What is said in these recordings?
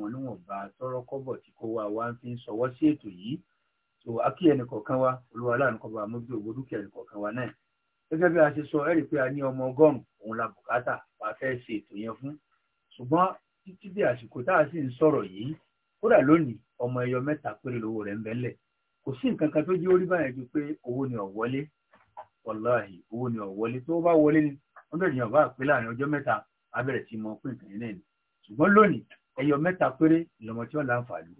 wọn níwọ̀nba tọrọ kọ́bọ̀ tí kò wá wá ń fi sí ètò yìí tó akí wa olúwa aláàánú kọ́ba àmójú ògbó dúkìá a ṣe sọ ẹ̀rí pé a ní ọmọ ọgọ́rùn òun la bùkátà bá fẹ́ ṣe ètò yẹn fún ṣùgbọ́n títí bí àsìkò tá a sì ń ọmọ ẹyọ péré ń bẹ kò sí nǹkan ni ò wọlé owó ni ò tó bá wọlé ni bẹ̀rẹ̀ ẹyọ mẹ́ta péré lọ́mọ tí wọ́n láǹfààní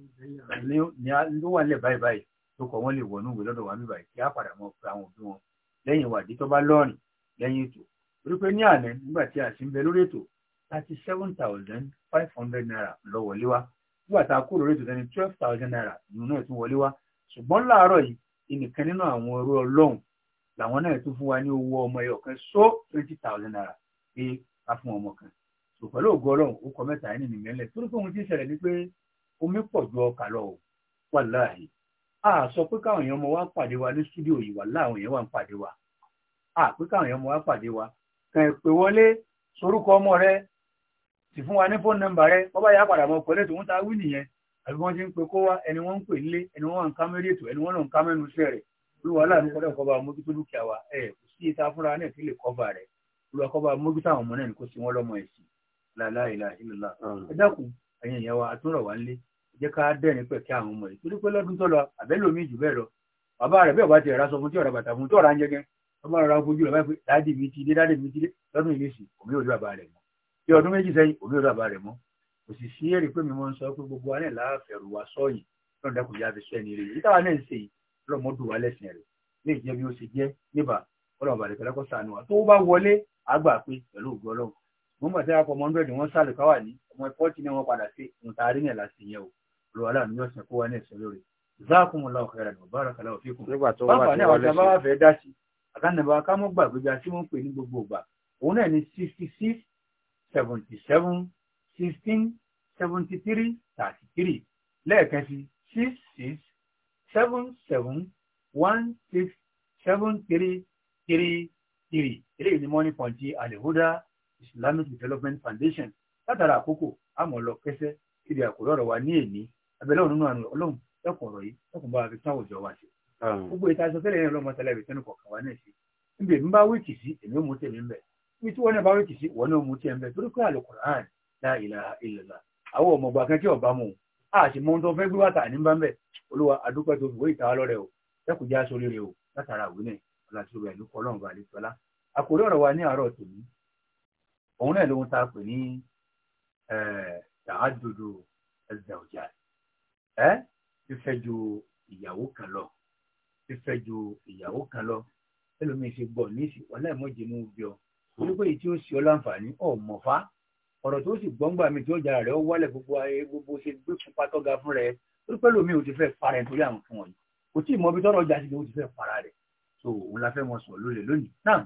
ló wà nílẹ̀ báyìí báyìí tó kọ̀ wọ́n lè wọnú ìwé lọ́dọ̀ wa mí báyìí kí á padà mọ pé àwọn òbí wọn lẹ́yìn ìwádìí tó bá lọ́rìn lẹ́yìn ètò torí pé ní àná nígbà tí a sì ń bẹ lórí ètò thirty seven thousand five hundred naira lọ wọlé wá nígbà tá a kúrò lórí ètò tẹni twelve thousand naira ìyún náà tún wọlé wá ṣùgbọ́n láàárọ̀ yìí ìnìkan nínú àwọn orú ọlọ́run làwọn náà tún fún wa ní owó ọmọ ẹyọ só twenty thousand naira pé ká fún ọmọ kan sò pẹ̀lú ògo ọlọ́run ó kọ mẹ́ta yẹn nínú ìmẹ́lẹ̀ torí pé ohun tí ń ṣẹlẹ̀ ni pé omi pọ̀ ju ọkà lọ o wà láàyè a sọ pé káwọn èèyàn ọmọ wa pàdé wa ní stúdíò yìí wà láwọn èèyàn wà ń pàdé wa a pé káwọn èèyàn ọmọ wa pàdé wa kàn ẹ̀ pé wọlé sorúkọ ọmọ rẹ sì fún wa ní fóònù nọ́mbà rẹ bọ́bá yà padà mọ́ pẹ̀lú ètò wọn ta wí nìyẹn àbí wọ́n ti ń pe kó wá ẹni wọ́n ń pè nílé ẹni wọ́n wà ń kámẹ́rì ètò ẹni wọ́n náà ń kámẹ́nu iṣẹ́ rẹ̀ olúwa aláàánú kọ́dọ̀ kọ́ bá mójútó dúkìá wa ẹ̀ kò sí ìta fúnra náà kí lè kọ́ bá rẹ̀ olúwa kọ́ bá mójútó àwọn ọmọ náà ní kó sí wọn lọ́mọ ẹ̀sìn láìláìlà ìlàlá hmm. ẹ dákun ẹ̀yin ìyẹn wa àtúnrọ̀ wá nílé jẹ́ ká dẹ́rìn pẹ̀ kí àwọn ọmọ yìí torí pé lọ́dún tó lọ àbẹ́lòmí jù bẹ́ẹ̀ lọ bàbá rẹ̀ bí ọba ti rà sọ fún tí ọ̀rọ̀ bàtà fún tí ọ̀rọ̀ àǹjẹ́gẹ́ ọmọ rẹ̀ fojú rẹ̀ báyìí pé dáàdì mi ti dé dáàdì mi ti dé lọ́dún yìí sì òmí ò rí bàbá rẹ̀ mọ́ bí ọdún méjì sẹ́yìn òmí ò bàbá rẹ̀ mọ́ kò sì sí èrè pé mi mọ́ sọ pé gbogbo wa náà láàfẹ̀rù wa sọ́yìn lọ́dún dẹ́kun yá fi sẹ́ni rẹ̀ yìí táwa náà ń ṣe yìí lọ́mọ dùn wá lẹ́sìn rẹ̀ lè jẹ́ bí ó ṣe jẹ́ níbà ọlọ́run bàdẹ̀kẹ́lẹ́kọ̀ sànù wa tó bá wọlé àgbà pé pẹ̀lú ògbọ́lọ́run wọ́n mọ̀ sí akọ ọmọ hundred wọ́n sálù káwà ní ọmọ fọ́tì ní wọ́n padà sí ntaari ní ẹ̀làsì yẹn o olùwàlà ni yóò sàn kó wa ní ẹ̀sọ́ lórí zakumullahu khairan wa barakallahu fikum. nígbà tó wà tí wọ́n lè ṣe báwa fẹ́ dá sí àkànnàbà kámọ́ gbàgbéga tí wọ́n ń pè ní gbogbo ìgbà òun náà ní sixty six seventy seven sixteen seventy three thirty three lẹ́ẹ̀kan sí six six seven seven one six seven three three three eléyìí ni morning point al Islamic Development Foundation látara àkókò àmọ́ lọ kẹsẹ́ kéde àkórí ọ̀rọ̀ wa ní èní abẹ́lẹ́ ọ̀run náà ọlọ́run ẹ̀kọ́ ọ̀rọ̀ yìí ẹ̀kọ́ bá wa fi tún àwùjọ wa ṣe. gbogbo ìta sọ tẹ́lẹ̀ yẹn lọ́mọ tẹ́lẹ̀ ibi tẹ́nu kọ̀ọ̀kan wa náà ṣe níbi èmi bá wíìkì sí èmi ò mú tèmi ń bẹ̀ níbi tí wọ́n náà bá wíìkì sí wọ́n náà mú tèmi ń bẹ̀ torí pé Al-Qur'an la ilaha illallah àwọn ọmọọgbà kan tí ọba mu a sì mọ ohun tó fẹ́ gbé wàtà ní bá ń bẹ̀ olúwa adúpẹ́ tó fi wé ìta lọ́rẹ̀ o ẹkùn já sórí rẹ o látara àwìn náà ọ̀làtúrò ẹ̀ ló kọ́ ọlọ́run bá lè tọ́lá àkórí ọ̀rọ̀ wa ní àárọ̀ tòní òun náà lóhun tá a pè ní tàájòdò ẹ̀zẹ̀ ọ̀jà ẹ́ fífẹ́ ju ìyàwó kan lọ fífẹ́ ju ìyàwó kan lọ ẹlòmíín ṣe gbọ́ níìsì ọláìmọ̀jẹ̀ mú bí ọ wípé èyí tí ó ṣe ọ láǹfààní ọ̀mọ̀fá ọ̀rọ̀ tó sì gbọ́ngbà mi tí ó jara rẹ̀ ó wálẹ̀ gbogbo ayé gbogbo ṣe gbé pupa tọ́ga fún rẹ̀ ó pẹ́lú mi ò ti fẹ́ para ẹ̀ torí àwọn fún wọn yìí kò tí ì mọ ibi tọ́rọ̀ ọjà sí ni ó ti fẹ́ para rẹ̀ so òun la fẹ́ wọn sọ̀rọ̀ lólè lónìí náà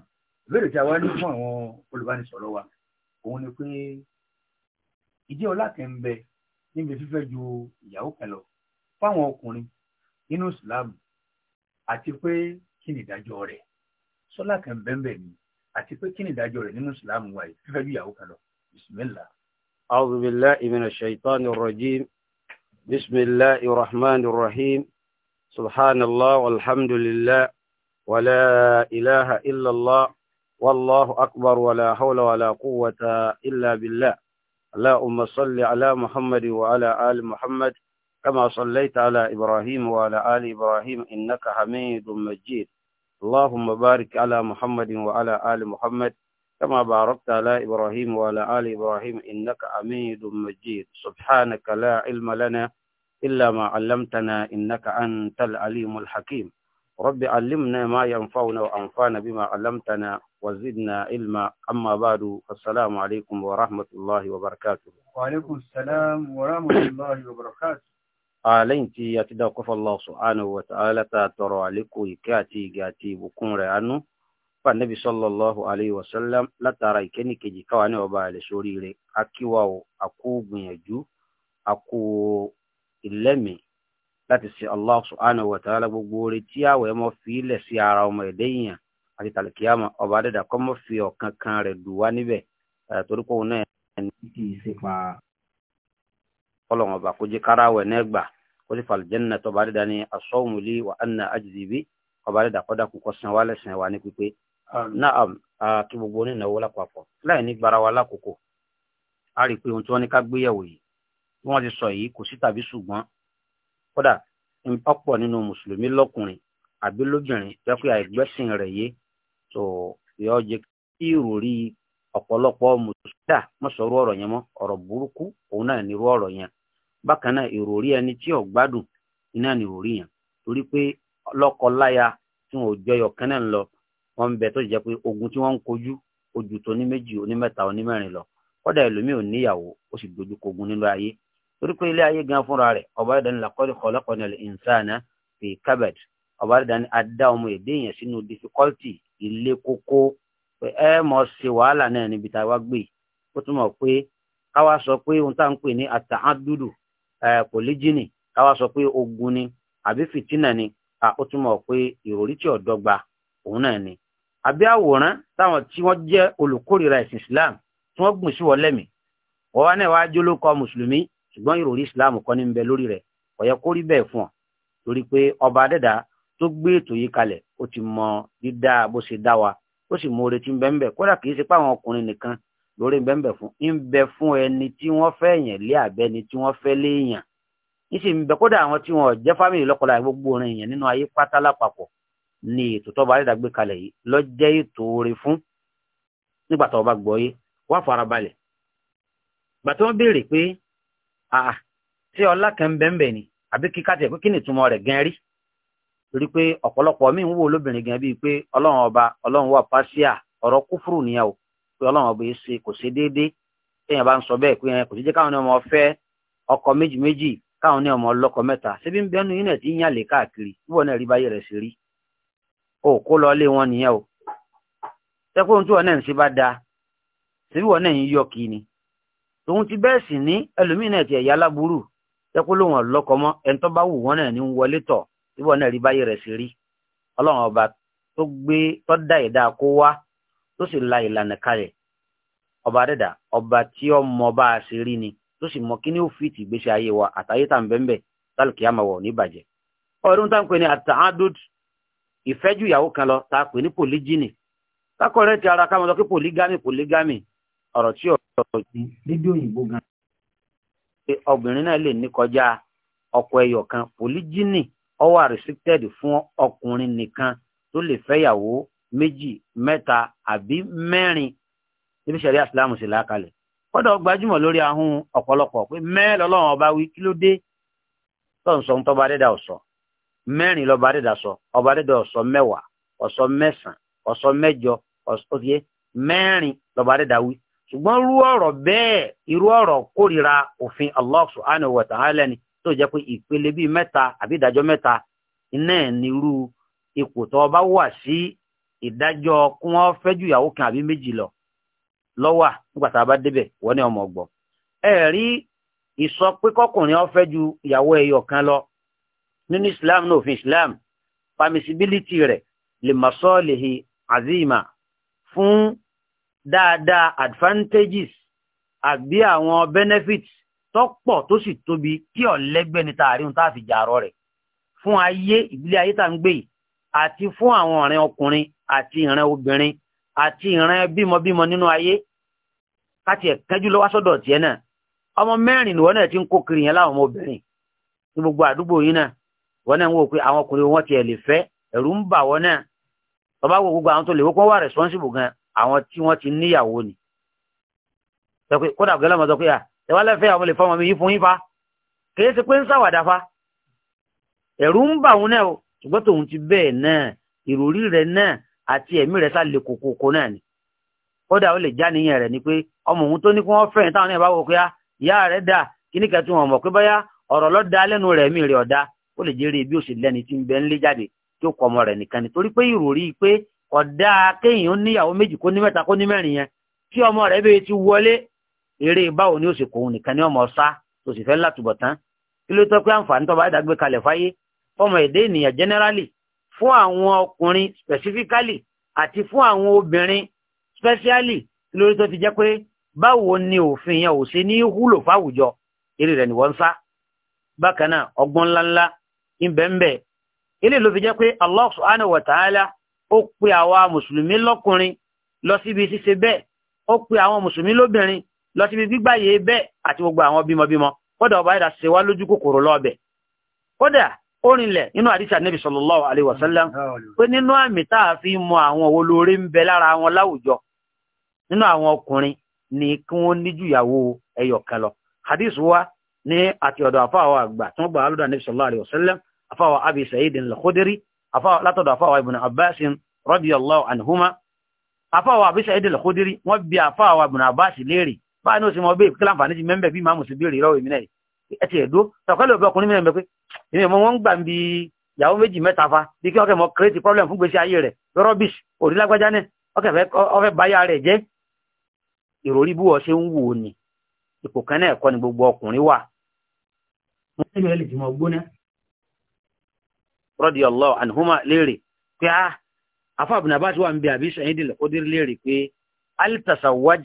ìbéèrè tí a wá ní fún àwọn olùbánisọ̀rọ̀ wa òun ni pé ìjẹ́ ọlá kan ń bẹ níbi fífẹ́ ju ìyàwó kan lọ fáwọn ọkùnrin nínú ìsìláàmù àti pé kí ni ìdájọ́ rẹ̀ sọ́lá kan bẹ́ẹ̀ ni àti pé kí ni ìdájọ́ rẹ̀ nínú ìsìláàmù wa yìí fífẹ́ ju ìyàwó kan lọ bisimilá. أعوذ بالله من الشيطان الرجيم بسم الله الرحمن الرحيم سبحان الله والحمد لله ولا إله إلا الله والله أكبر ولا حول ولا قوة إلا بالله اللهم صل على محمد وعلى آل محمد كما صليت على إبراهيم وعلى آل إبراهيم إنك حميد مجيد اللهم بارك على محمد وعلى آل محمد كما باركت على إبراهيم وعلى آل إبراهيم إنك حميد مجيد سبحانك لا علم لنا إلا ما علمتنا إنك أنت العليم الحكيم رب علمنا ما ينفعنا وأنفعنا بما علمتنا وزدنا علما أما بعد فالسلام عليكم ورحمة الله وبركاته وعليكم السلام ورحمة الله وبركاته àlẹ́yìn tí a ti dá ọkọ́ fọ́lọ́ subhanahu wa ta'ala tá a tọrọ àlékò ìkẹ́ àti ìgà àti ìbùkún rẹ̀ àánú fún Ànábì sallallahu alayhi wa sallam látara ìkẹ́ni kejì káwa ní ọba àlẹ́ sórí rẹ̀ akíwá o àkó gbìyànjú àkó ìlẹ́mì láti ṣe Allah subhanahu wa ta'ala gbogbo rẹ̀ tí àwẹ̀ mọ́ fi ilẹ̀ sí ara ọmọ ẹ̀dẹ́yìn àti tàlìkìyàmọ ọba adẹ́dà kọ́ mọ́ fi ọ̀kan kan rẹ̀ dù wá níbẹ̀ torí pé òun náà ẹni kì í ṣe pa ọlọ́run ọba kó jẹ́ kára wẹ̀ náà gbà kó sì fàlùjẹ́ nínú ẹ̀tọ́ ọba adẹ́dà ní asọ́wùmùlí wà á nà ájìdì bí ọba adẹ́dà kọ́ dàkú kọ́ san wálẹ̀ sàn wá ní pípé náà kí gbogbo onínáwó lápapọ̀ láì ní gbara lákòókò a rí i pé ohun tí wọ́n ní ká gbéyẹ̀wò yìí bí wọ́n ti sọ yìí kò sí tàbí ṣùgbọ́n kódà ọ̀pọ̀ nínú mùsùlùmí lọ́kùnrin àbí lóbìnrin jẹ́ pé àìgbẹ́sìn rẹ̀ yé so yọ jẹ kí ìròrí ọ̀pọ̀lọpọ̀ mùsùlùmí mọ̀sọ̀rọ̀ ọ̀rọ̀ yẹn mọ́ ọ̀rọ̀ burúkú òun náà nírú ọ̀rọ̀ yẹn bákan náà ìròrí ẹni tí ò gbádùn iná ni ìròrí yẹn torí pé lọ́kọ-láya tí wọn ò jọyọ̀ kan náà ń lọ wọn ń bẹ tó jẹ pé ogun tí wọ́n ń kojú ojú tó ní méjì onímẹ́ta onímẹ́rin lọ kọ́dà ẹlòmíì ò níyàwó ó sì dojú kogun nínú ayé torí pé ilé ayé gan fúnra rẹ̀ ọba ẹ̀dá ni laqad khalaqna al-insana fi kabad ọba ẹ̀dá ni adá ọmọ èdè yẹn sínú difficulty ilé kókó ẹ mọ̀ ṣe wàhálà náà níbi tá a wá gbé ó túmọ̀ pé káwá sọ pé ohun tá à ń pè ní àtàádùdù kò lè jìnnì káwá sọ pé ogun ni àbí fìtínà ni ó túmọ̀ pé ìròrí tí ọ̀dọ́gba òun náà ni àbí àwòrán táwọn tí wọ́n jẹ́ olùkórìíra ẹ̀sìn Islam tí wọ́n gbìn sí wọ́n lẹ́mìí wọ́n wá náà wá jólókọ mùsùlùmí ṣùgbọ́n ìròrí Islam kọ́ ní ń bẹ lórí rẹ̀ kò yẹ kó fún ọ torí pé ọba adẹ́dàá tó gbé ètò yìí kalẹ̀ ó ti mọ dídá bó ṣe dá wa ó sì mọ retí bẹ́ẹ̀ kódà kì í ṣe páwọn ọkùnrin nìkan lórí bẹ́ẹ̀ fún ń bẹ fún ẹni tí wọ́n fẹ́ yàn lé àbẹ́ni tí wọ́n fẹ́ léèyàn ń sì ń kódà àwọn tí wọn jẹ́ fámìlì lọ́kọ̀ọ́lá gbogbo orin èèyàn nínú ayé pátá lápapọ̀ ni ètò tọ́ba àdédà gbé kalẹ̀ yìí lọ́jẹ́ ètò orin fún nígbà tó o bá gbọ́ yé wá farabalẹ̀ gbàtí wọ́n béèrè pé ṣé ọlá kan ni àbí kíkà tẹ̀ pé kí torí pé ọ̀pọ̀lọpọ̀ mi ń wò lóbìnrin gan bíi pé ọlọ́run ọba ọlọ́run wà pàṣíà ọ̀rọ̀ kúfúrú nìyà o pé ọlọ́run ọba ṣe kò ṣe déédé téèyàn bá ń sọ bẹ́ẹ̀ pé kò sí jẹ́ káwọn ọmọ ọkọ méjì méjì ọmọ ọlọ́kọ mẹ́ta ń yín náà ti o kó lọ lé wọn nìyẹn o ìwọ náà rí báyìí rẹ̀ sí rí ọlọ́run ọba tó gbé tó dá ìdá kó wá tó sì la ìlànà kalẹ̀ ọba dẹ́dà ọba tí ó mọ bá a ṣe rí ni tó sì mọ kí ni ó fi ti ìgbésí ayé wa àtàyè tá à ń bẹ́ńbẹ́ tálùkì á máa wọ̀ ọdún tá ń pè ní àtàádùd ìfẹ́jú ìyàwó kan lọ tá a pè ní pòlíjìnì kákọ̀ọ́rẹ́ ti ara ká máa lọ kí pòlígámì pòlígámì ọ̀rọ̀ tí ọ̀rọ̀ ti lédè òyìnbó gan. obìnrin náà lè ní kọjá ọkọ ẹyọ kan pòlíjìnì ó wà restricted fún ọkùnrin nìkan tó lè fẹ́yàwó méjì mẹ́ta àbí mẹ́rin níbi sẹ̀rí àsìlámù sí làákàlẹ̀ kọ́dọ̀ gbajúmọ̀ lórí ahun ọ̀pọ̀lọpọ̀ pé mẹ́rin lọ́lọ́run ọba wí kí ló dé tó ń sọ ohun tọ́ba adẹ́dà ọ̀sọ́ mẹ́rin lọ́ba adẹ́dà sọ ọba adẹ́dà ọ̀sọ́ mẹ́wàá ọ̀sọ́ mẹ́sàn-án ọ̀sọ́ mẹ́jọ ọ̀sọ́fíẹ́ mẹ́rin lọ́ba adẹ́dà wí ṣùgbọ́n irú ọ̀rọ̀ bẹ́ẹ̀ irú ọ̀rọ̀ kórìíra òfin Allah subhanahu wa ta'ala ni tó jẹ́ pé ìpele bíi mẹ́ta àbí ìdájọ́ mẹ́ta iná ẹ̀ ní irú ipò tó bá wà sí ìdájọ́ kí wọ́n fẹ́ ju ìyàwó kan àbí méjì lọ lọ́wà nígbà tá a bá débẹ̀ wọ́n ní ọmọ ọgbọ̀n ẹ rí ìsọ kọkùnrin ó fẹ́ ju ìyàwó ẹyọ kan lọ nínú Islam ní òfin Islam permissibility rẹ̀ lè mọ̀ sọ́ọ̀lì azima fún dáadáa advantages àbí àwọn benefits tọ́pọ̀ tó sì tóbi tí ọ̀lẹ́gbẹ́ ní tààrin tá a fi jàrọ̀ rẹ̀ fún ayé ìdílé ayé tá ń gbé yìí àti fún àwọn ọ̀rẹ́ ọkùnrin àti ìrìn obìnrin àti ìrìn bímọbímọ nínú ayé káti ẹ̀kẹ́jú lọ́wọ́ sọ́dọ̀ tiẹ̀ náà ọmọ mẹ́rin ni wọ́n náà ti ń kó kiri yẹn láwọn ọmọbìnrin ní gbogbo àdúgbò yìí náà wọ́n náà ń wò pé àwọn ọkùnrin wọn tiẹ̀ lè fẹ́ ẹ̀rù ń bà wọ́n náà bàbá wo gbogbo àwọn tó lè wọ́pọ̀ wà responsible gan àwọn tí wọ́n ti níyàwó ni. kódà gẹ́lẹ́ mọ́ sọ pé à ẹwàlẹ́fẹ́ àwọn olè fọmọ mi yí fún yín fa kìí ṣe pé ń ṣàwàdà fa ẹ̀rù ń bà òun náà o ṣùgbọ́n tòun ti bẹ́ẹ̀ náà ìròrí rẹ̀ náà àti ẹ̀mí rẹ̀ sá lè kòkòkò náà ni kódà ó lè ni pé ọmọ òun tó ní kí wọ́n táwọn bá pé ah, kí ní kẹtù wọn mọ̀ pé báyà ọ̀rọ̀ lẹ́nu rẹ̀ mí rẹ̀ ó lè jẹ́rìí bí tí ń ń lé jáde tí ó kọ ọmọ rẹ̀ nìkan ni torí pé ìròrí pé ọ̀dà kéèyàn eré báwo ni ó sì kóhun nìkan ní ọmọ ọsá tó sì fẹ́ látùbọ̀ tán kí ló tọ́ pé àǹfààní tọ́ba ìdàgbé kalẹ̀ fáyé fọmọ èdè ènìyàn generally fún àwọn ọkùnrin specifically àti fún àwọn obìnrin specially kí ló tọ́ ti jẹ́ pé báwo ni òfin yẹn ò ṣe ní wúlò fáwùjọ eré rẹ̀ ni sá lọ síbi gbígbàyè bẹ́ẹ̀ àti gbogbo àwọn bímọbímọ kódà ọba ẹ̀dà ṣe wá lójú kòkòrò lọ́ọ̀bẹ̀ kódà ó rinlẹ̀ nínú àdísà nẹ́bì sallallahu alaihi wasallam pé nínú àmì táà fi mọ àwọn olórí ń bẹ lára wọn láwùjọ nínú àwọn ọkùnrin ni kí wọ́n níjú ìyàwó ẹyọ kan lọ hadith wa ní àti ọ̀dọ̀ àfáwọ̀ àgbà tí wọ́n gbà alúdà nẹ́bì sallallahu alaihi wasallam àfáwọ̀ abi sa'idin al-khudri látọ̀dọ̀ àfáwọ̀ ibn abbas radiyallahu anhuma àfáwọ̀ abi sa'idin al-khudri wọ́n bi àfáwọ̀ ibn abbas léèrè báyìí ní oṣù mọ̀ bẹ́ẹ̀ kí láǹfààní ti mẹ́mbẹ̀ bí màmù sí béèrè ìrọ̀ èmi náà ẹ ti ẹ̀dó tọ̀kọ́lẹ̀ òbí ọkùnrin mìíràn pé èmi mọ̀ wọ́n ń gbà ń bi ìyàwó méjì mẹ́ta fa bí kí wọ́n kẹ́ mọ̀ create problem fún gbèsè ayé rẹ̀ rubbish òrìlágbájá náà ọfẹ́ báyà rẹ̀ jẹ́ ìròrí bú ọṣẹ ń wò ní ipò kan náà ẹ̀kọ́ ni gbogbo ọkùnrin wà. rọ́dí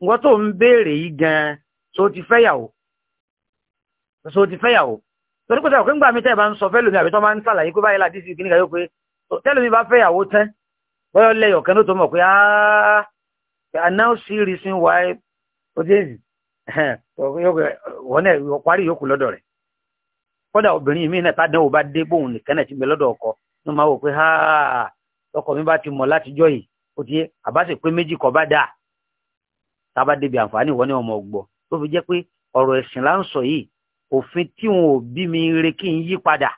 nǹkan tó ń béèrè yìí gan-an so ti fẹ́yàwó so ti fẹ́yàwó torí pé sẹ́wọ̀n mi tẹ́ bá ń sọ fẹ́lómi àbí tó máa ń sàlàyé pé báyìí láti ìsìnkí nìkan yóò pé tẹ́lómi bá fẹ́yàwó tán bọ́yọ̀ lẹ́yọ̀ kan ló tó mọ̀ pé ah I now see reason why ó dé èyí wọ́n náà parí yòókù lọ́dọ̀ rẹ̀ kódà obìnrin mi náà tádánwò bá dé bóun nìkan náà ti gbé lọ́dọ̀ ọkọ ló máa wò pé ah ọkọ mi bá ti mọ̀ látijọ́ yìí ó ti yé àbá sì pé méjì kọ́ bá dáa tábà débi àǹfààní ìwọ ni ọmọ gbọ́ tó fi jẹ́ pé ọ̀rọ̀ ẹ̀sìn là ń sọ yìí òfin tí wọn ò bí mi re kí n yí padà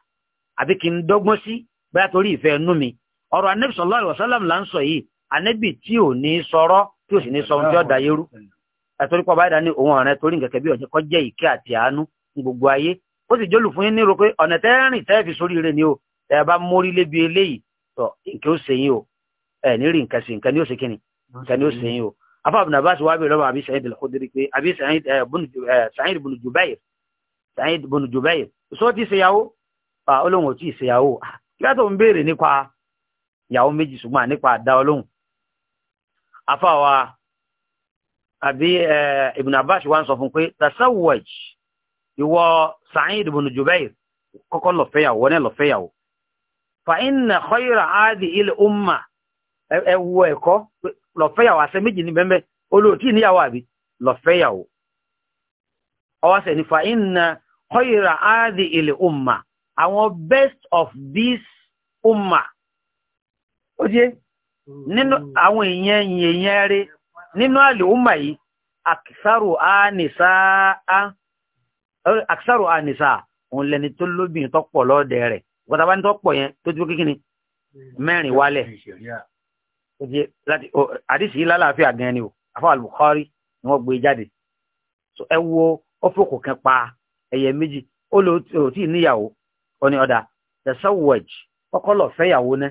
àbí kí n dọ́gbọ́n sí bóyá torí ìfẹ́ ẹnu mi ọ̀rọ̀ anabi sallallahu alaihi wasallam là ń sọ yìí anabi tí ò ní sọ̀rọ̀ tí ò sì ní sọ ohun tí ó da yẹrú ẹ̀tọ́rí pọ̀ báyìí dání òun ọ̀rẹ́ torí nǹkan kẹ́bí ọ̀jẹ́ kọjá ìkẹ́ àti àánú ní gbogbo ayé ó sì jólù fún yín ní ro pé ọ̀nà tẹ́rìn tẹ́ fi sórí rẹ̀ ni o ẹ̀ bá mórí lébi eléyìí tọ̀ nǹkan ó ṣe yín o ẹ̀ ní rí nǹkan nǹkan ní ó ṣe kíni nǹkan ní ó ṣe o afa Ibn Abbas wá bẹ̀rẹ̀ lọ́wọ́ Abi Sa'id al-Khudri pé Abi Sa'id ibn eh, eh, Jubair Sa'id ibn Jubair sọ ti ṣèyàwó olóhùn ò tí ì ṣèyàwó ah, kí á tó ń béèrè nípa ìyàwó méjì ṣùgbọ́n nípa àdá olóhùn afa wa àbí eh, Ibn Abbas wá ń sọ fún pé tasawwaj ìwọ Sa'id ibn Jubair kọ́kọ́ lọ́fẹ́yàwó wọ́n náà lọ́fẹ́yàwó fa inna khayra adi il umma ẹwọ ẹ̀kọ́ lọ́fẹ́yàwó àṣẹ méjì ní bẹ́ẹ̀ olóòtí níyàwó àbí lọ́fẹ́yàwó ọwọ́sẹ̀ nífa inna khayra áàdì ilẹ̀ umma àwọn best of this umma ó jẹ́ nínú àwọn èèyàn èèyàn rẹ̀ nínú àlè umma yìí aksaru anisa aksaru anisa òun lẹni tó lóbìnrin tó pọ̀ lọ́ọ̀dẹ̀ rẹ̀ gbọ́dọ̀ bá ní tó pọ̀ yẹn tó dúró kíkíni mẹ́rin wálẹ̀ oje láti àdìsí lálàáfíà gan ni o àfáà Al-Bukhari ni wọ́n gbé e jáde so ẹ wo ọfọkù kan pa ẹyẹ méjì ó lò ó tí níyàwó ó ní ọdà tẹsánwọj kọ́kọ́ lọ fẹ́yàwó náà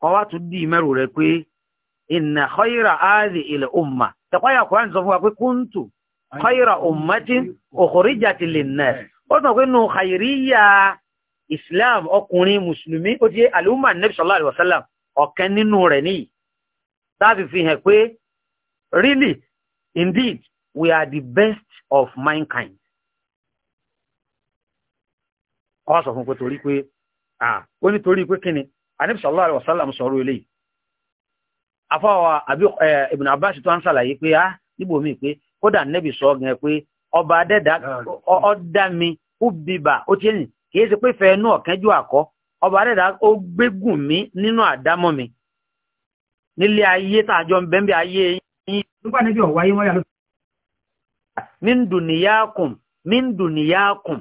kọ wá tún dì mẹrù rẹ pé inna khayra áàdì ilẹ̀ umma tẹkọyà kọ láti sọ fún wa pé kúntù khayra ummatin ukhrijat lin-nas ó sọ pé nù khayriya islam ọkùnrin mùsùlùmí ó ti àlùmọ nẹbìsọlá àlùwàsálàm ọ̀kan nínú rẹ̀ nìyí láti fi e pé really indeed we are the best of mankind. ọ sọ fún pé torí pé ó ní torí pé kíni Ànábì sallallahu alaihi wasallam ilé afọ afọ́wà àbí Ibn Abbas tó ń sàlàyé pé á pé kódà sọ gan pé ọba ọdá mi ó bíbà ó ti ọba adẹ́dá ó gbégùn mi nílé ayé tààjọ bẹ́m̀bẹ̀ ayé yìí nígbà níbi ọ̀wá yí wọ́n yà ló min dùnìyàkùn min dùnìyàkùn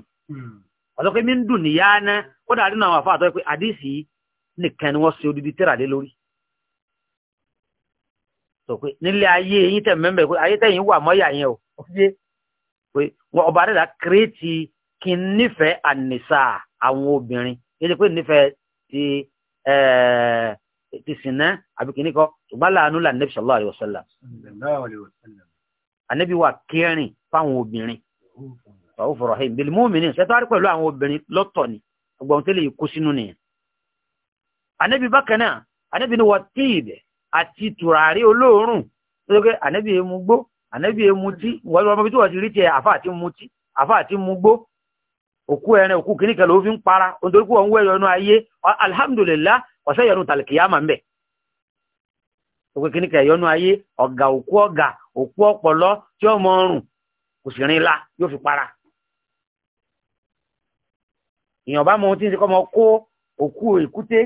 ọ̀sọ́ hmm. pé min dùnìyà náà ó dàrí náà wà fáàtọ́ pé àdísì nìkan ni wọ́n ṣe odidi tẹ́rà lé lórí pé nílé ayé yìí tẹ̀ mẹ́mẹ́ pé ayé tẹ̀yìn wà mọ́yà yẹn o pé wọn ọba rẹ̀ dá kírètì kí n nífẹ̀ẹ́ ànìsà àwọn obìnrin yé ti sinna àbí kìíní kọ ṣùgbọ́n láàánú là nẹ́bí sallallahu alaihi wasallam ànẹ́bí wà kẹrin fáwọn obìnrin ọ̀hún fọ̀rọ̀ ẹ̀yìn bẹ̀lẹ̀ mọ́mìnì ṣẹ́tọ́ àrí pẹ̀lú àwọn obìnrin lọ́tọ̀ ni ọgbọ̀n tẹ́lẹ̀ kó sínú nìyẹn ànẹ́bí bákan náà ànẹ́bí ni wọ́n tí ìbẹ̀ àti tùràrí olóòórùn lókè ànẹ́bí emu gbó ànẹ́bí emu tí tí wọ́n òkú ẹran òkú kìíní kan ló fi ń para nítorí pé òun wẹ̀yọ̀ ayé alhamdulillah ọ̀sẹ̀ yọnu tàlìkìyàmà mbẹ̀ òkú kìíní kan yọnu ayé ọ̀gà òkú ọ̀gà òkú ọ̀pọ̀lọ́ tí ó mọ ọrùn kò sì rìn la yóò fi para èèyàn bá mọ ohun tí ń ṣe kọ́ mọ kó òkú èkúté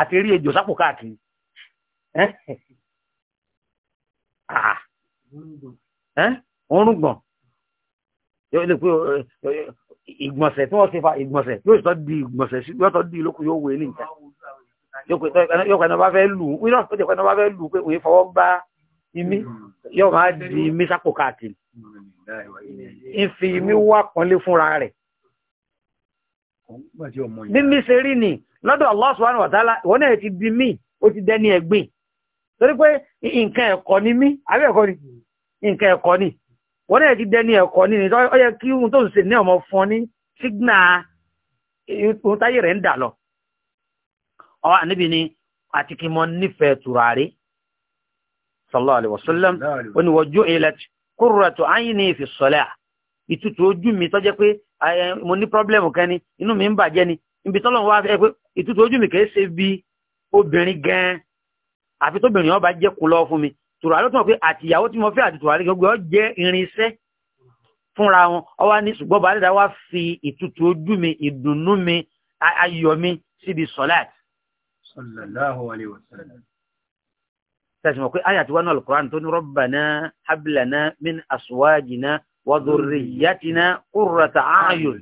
àti rí ejò sápò káàkiri òórùn gbọ̀n ìgbọ̀nsẹ̀ tí wọ́n ṣe fa ìgbọ̀nsẹ̀ yóò tọ́ di ìgbọ̀nsẹ̀ yóò tọ́ di ìlókù yóò wé ní nǹkan yóò pẹ̀lú bá fẹ́ lù ú yóò pẹ̀lú bá fẹ́ lù ú pé òye fọwọ́ gbá imí yóò máa di imí sápò káàkiri ìfi imí wá pọ́nlé fúnra rẹ̀ mímí ṣe rí ni lọ́dọ̀ Allah subhanahu wa ta'ala ìwọ náà ti di mí ó ti dẹ́ni ẹ̀gbìn torí pé nǹkan ẹ̀kọ́ ni mí àbí ẹ̀kọ́ ni nǹkan ẹ̀kọ́ ni wọ́n náà ti dẹni ẹ̀kọ́ nínú ọ yẹ kí ohun tó ń ní ọmọ fún ní sígínà ohun táyé rẹ̀ ń dà lọ. ọwọ́ àníbi ni àti kí mo nífẹ̀ẹ́ tùràrí sallallahu alaihi wasallam ó ní wọ́n ilẹ̀ ìtutù ojú mi tọ́jẹ́ pé mo ní pọ́blẹ́mù ni inú mi ń bàjẹ́ ni ibi wá fẹ́ pé ìtutù ojú mi kìí ṣe bí obìnrin gan-an àfi tóbìnrin ọba jẹ́ tùràrí tó mọ̀ pé àtìyàwó tí mo fẹ́ àti tùràrí gbogbo ọ jẹ́ irinṣẹ́ fúnra wọn ọ wá ní ṣùgbọ́n bá dídá wá fi ìtutù ojú mi ìdùnnú mi ayọ̀ mi síbi sọ́láàt. sallallahu alaihi mọ̀ pé ayé àti wọnú alukuran tó ní rabbana hablana min aswajina wa dhurriyyatina qurrata a'yun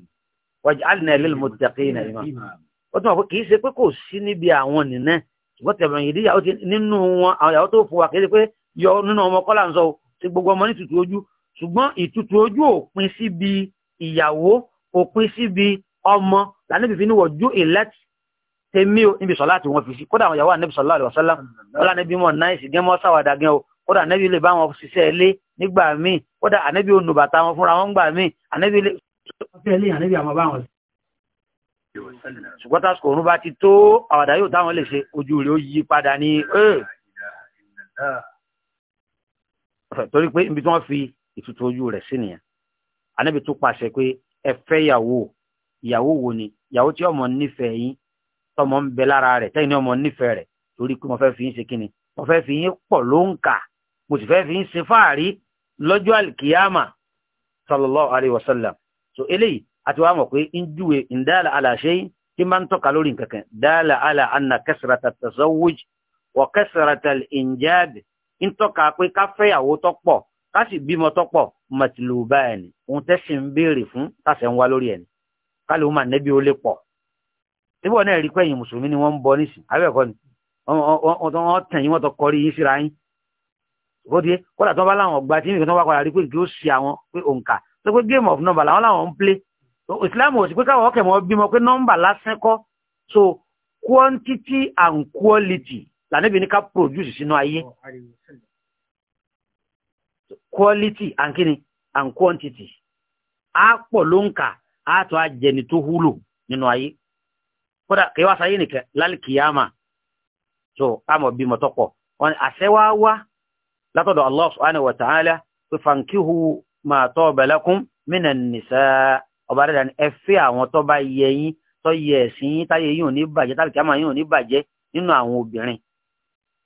waj'alna lil muttaqina imama. ó tún mọ̀ pé kì ṣe pé kò sí níbi àwọn nìyẹn ṣùgbọ́n tẹ̀bọ̀n yìí nínú wọn àwọn ìyàwó tó fún wa pé yọ nínú ọmọ kọ́là ń sọ ti gbogbo ọmọ ní tutù ojú ṣùgbọ́n ìtutù ojú òpin síbi ìyàwó òpin síbi ọmọ lànàbì fi níwọ̀ ju ìlẹ́tì tèmi o níbi sọ láti wọn fi sí kódà àwọn ìyàwó ànàbì sọlá àlè wàsálà ọlá níbi mọ̀ náà ìsìn gẹ́mọ́ sáwàdà gẹ́ o kódà ànàbì lè bá wọn ṣiṣẹ́ ilé nígbà míì kódà ànàbì ò nù bàtà wọn fúnra wọn gbà míì ànàbì lè. ṣùgbọ́n tásìkò òun bá ti tó àwàdà yóò táwọn lè ṣe ojú rẹ̀ ó yí padà ní. torí pé ibi tí wọ́n fi ìtutù ojú rẹ̀ sí nìyẹn anábì tó pàṣẹ pé ẹ fẹ́ ìyàwó ìyàwó wo ni ìyàwó tí ọmọ nífẹ̀ẹ́ yín tọmọ ń bẹ lára rẹ̀ tẹ́yìn ní ọmọ nífẹ̀ẹ́ rẹ̀ torí pé mo fẹ́ fi yín ṣe kíni mo fẹ́ fi yín pọ̀ ló ń kà mo sì fẹ́ fi yín ṣe fáàrí lọ́jọ́ àlìkìyàmà sallallahu alayhi wa so eléyìí àti wàá mọ̀ pé ń júwe ń dáàlà aláṣẹ tí máa ń tọ́ka lórí nǹkan kan dáàlà alà anna kẹsàràtà tazawwuj wa kẹsàràtà ìnjáàbì ń tọ́ka pé ká fẹ́yàwó tọ́pọ̀ ká sì bímọ tọ́pọ̀ mọ̀tìlúbà ẹ̀ ni òun tẹ́sí ń béèrè fún tàṣẹ ń wá lórí ẹ̀ ni ká ló máa nẹ́bí ó lè pọ̀ síbò náà rí pẹ́yìn mùsùlùmí ni wọ́n ń bọ nísìn abẹ́ẹ̀kọ́ ni wọ́n tàn yín wọ́n tọ kọrí yín síra yín ó di kódà tó bá láwọn ọgbà tí nìkan tó bá padà rí pé kí ó ṣe àwọn pé òǹkà tó pé game of number làwọn làwọn ń play ìsìláàmù ò sí pé káwọn ọkẹ̀ mọ́ bímọ pé nọ́mbà lásán kọ́ so quantity and quality lànàbí ní ká produce sínú ayé quality and kini and quantity a pọ̀ ló ń kà á tó a jẹni tó wúlò nínú ayé kódà kí wá sáyé nìkan lálìkìyàmà tó a mọ̀ bímọ tó pọ̀ wọn àṣẹwá wá látọ̀dọ̀ Allah subhanahu wa ta'ala pé fankihu ma taba lakum minan nisa ọba rẹ̀ ni ẹ fẹ́ àwọn tó bá yẹ yín tó yẹ ẹ̀sìn yín táyé yín ò ní bàjẹ́ tàbí kí yín ò ní bàjẹ́ nínú àwọn obìnrin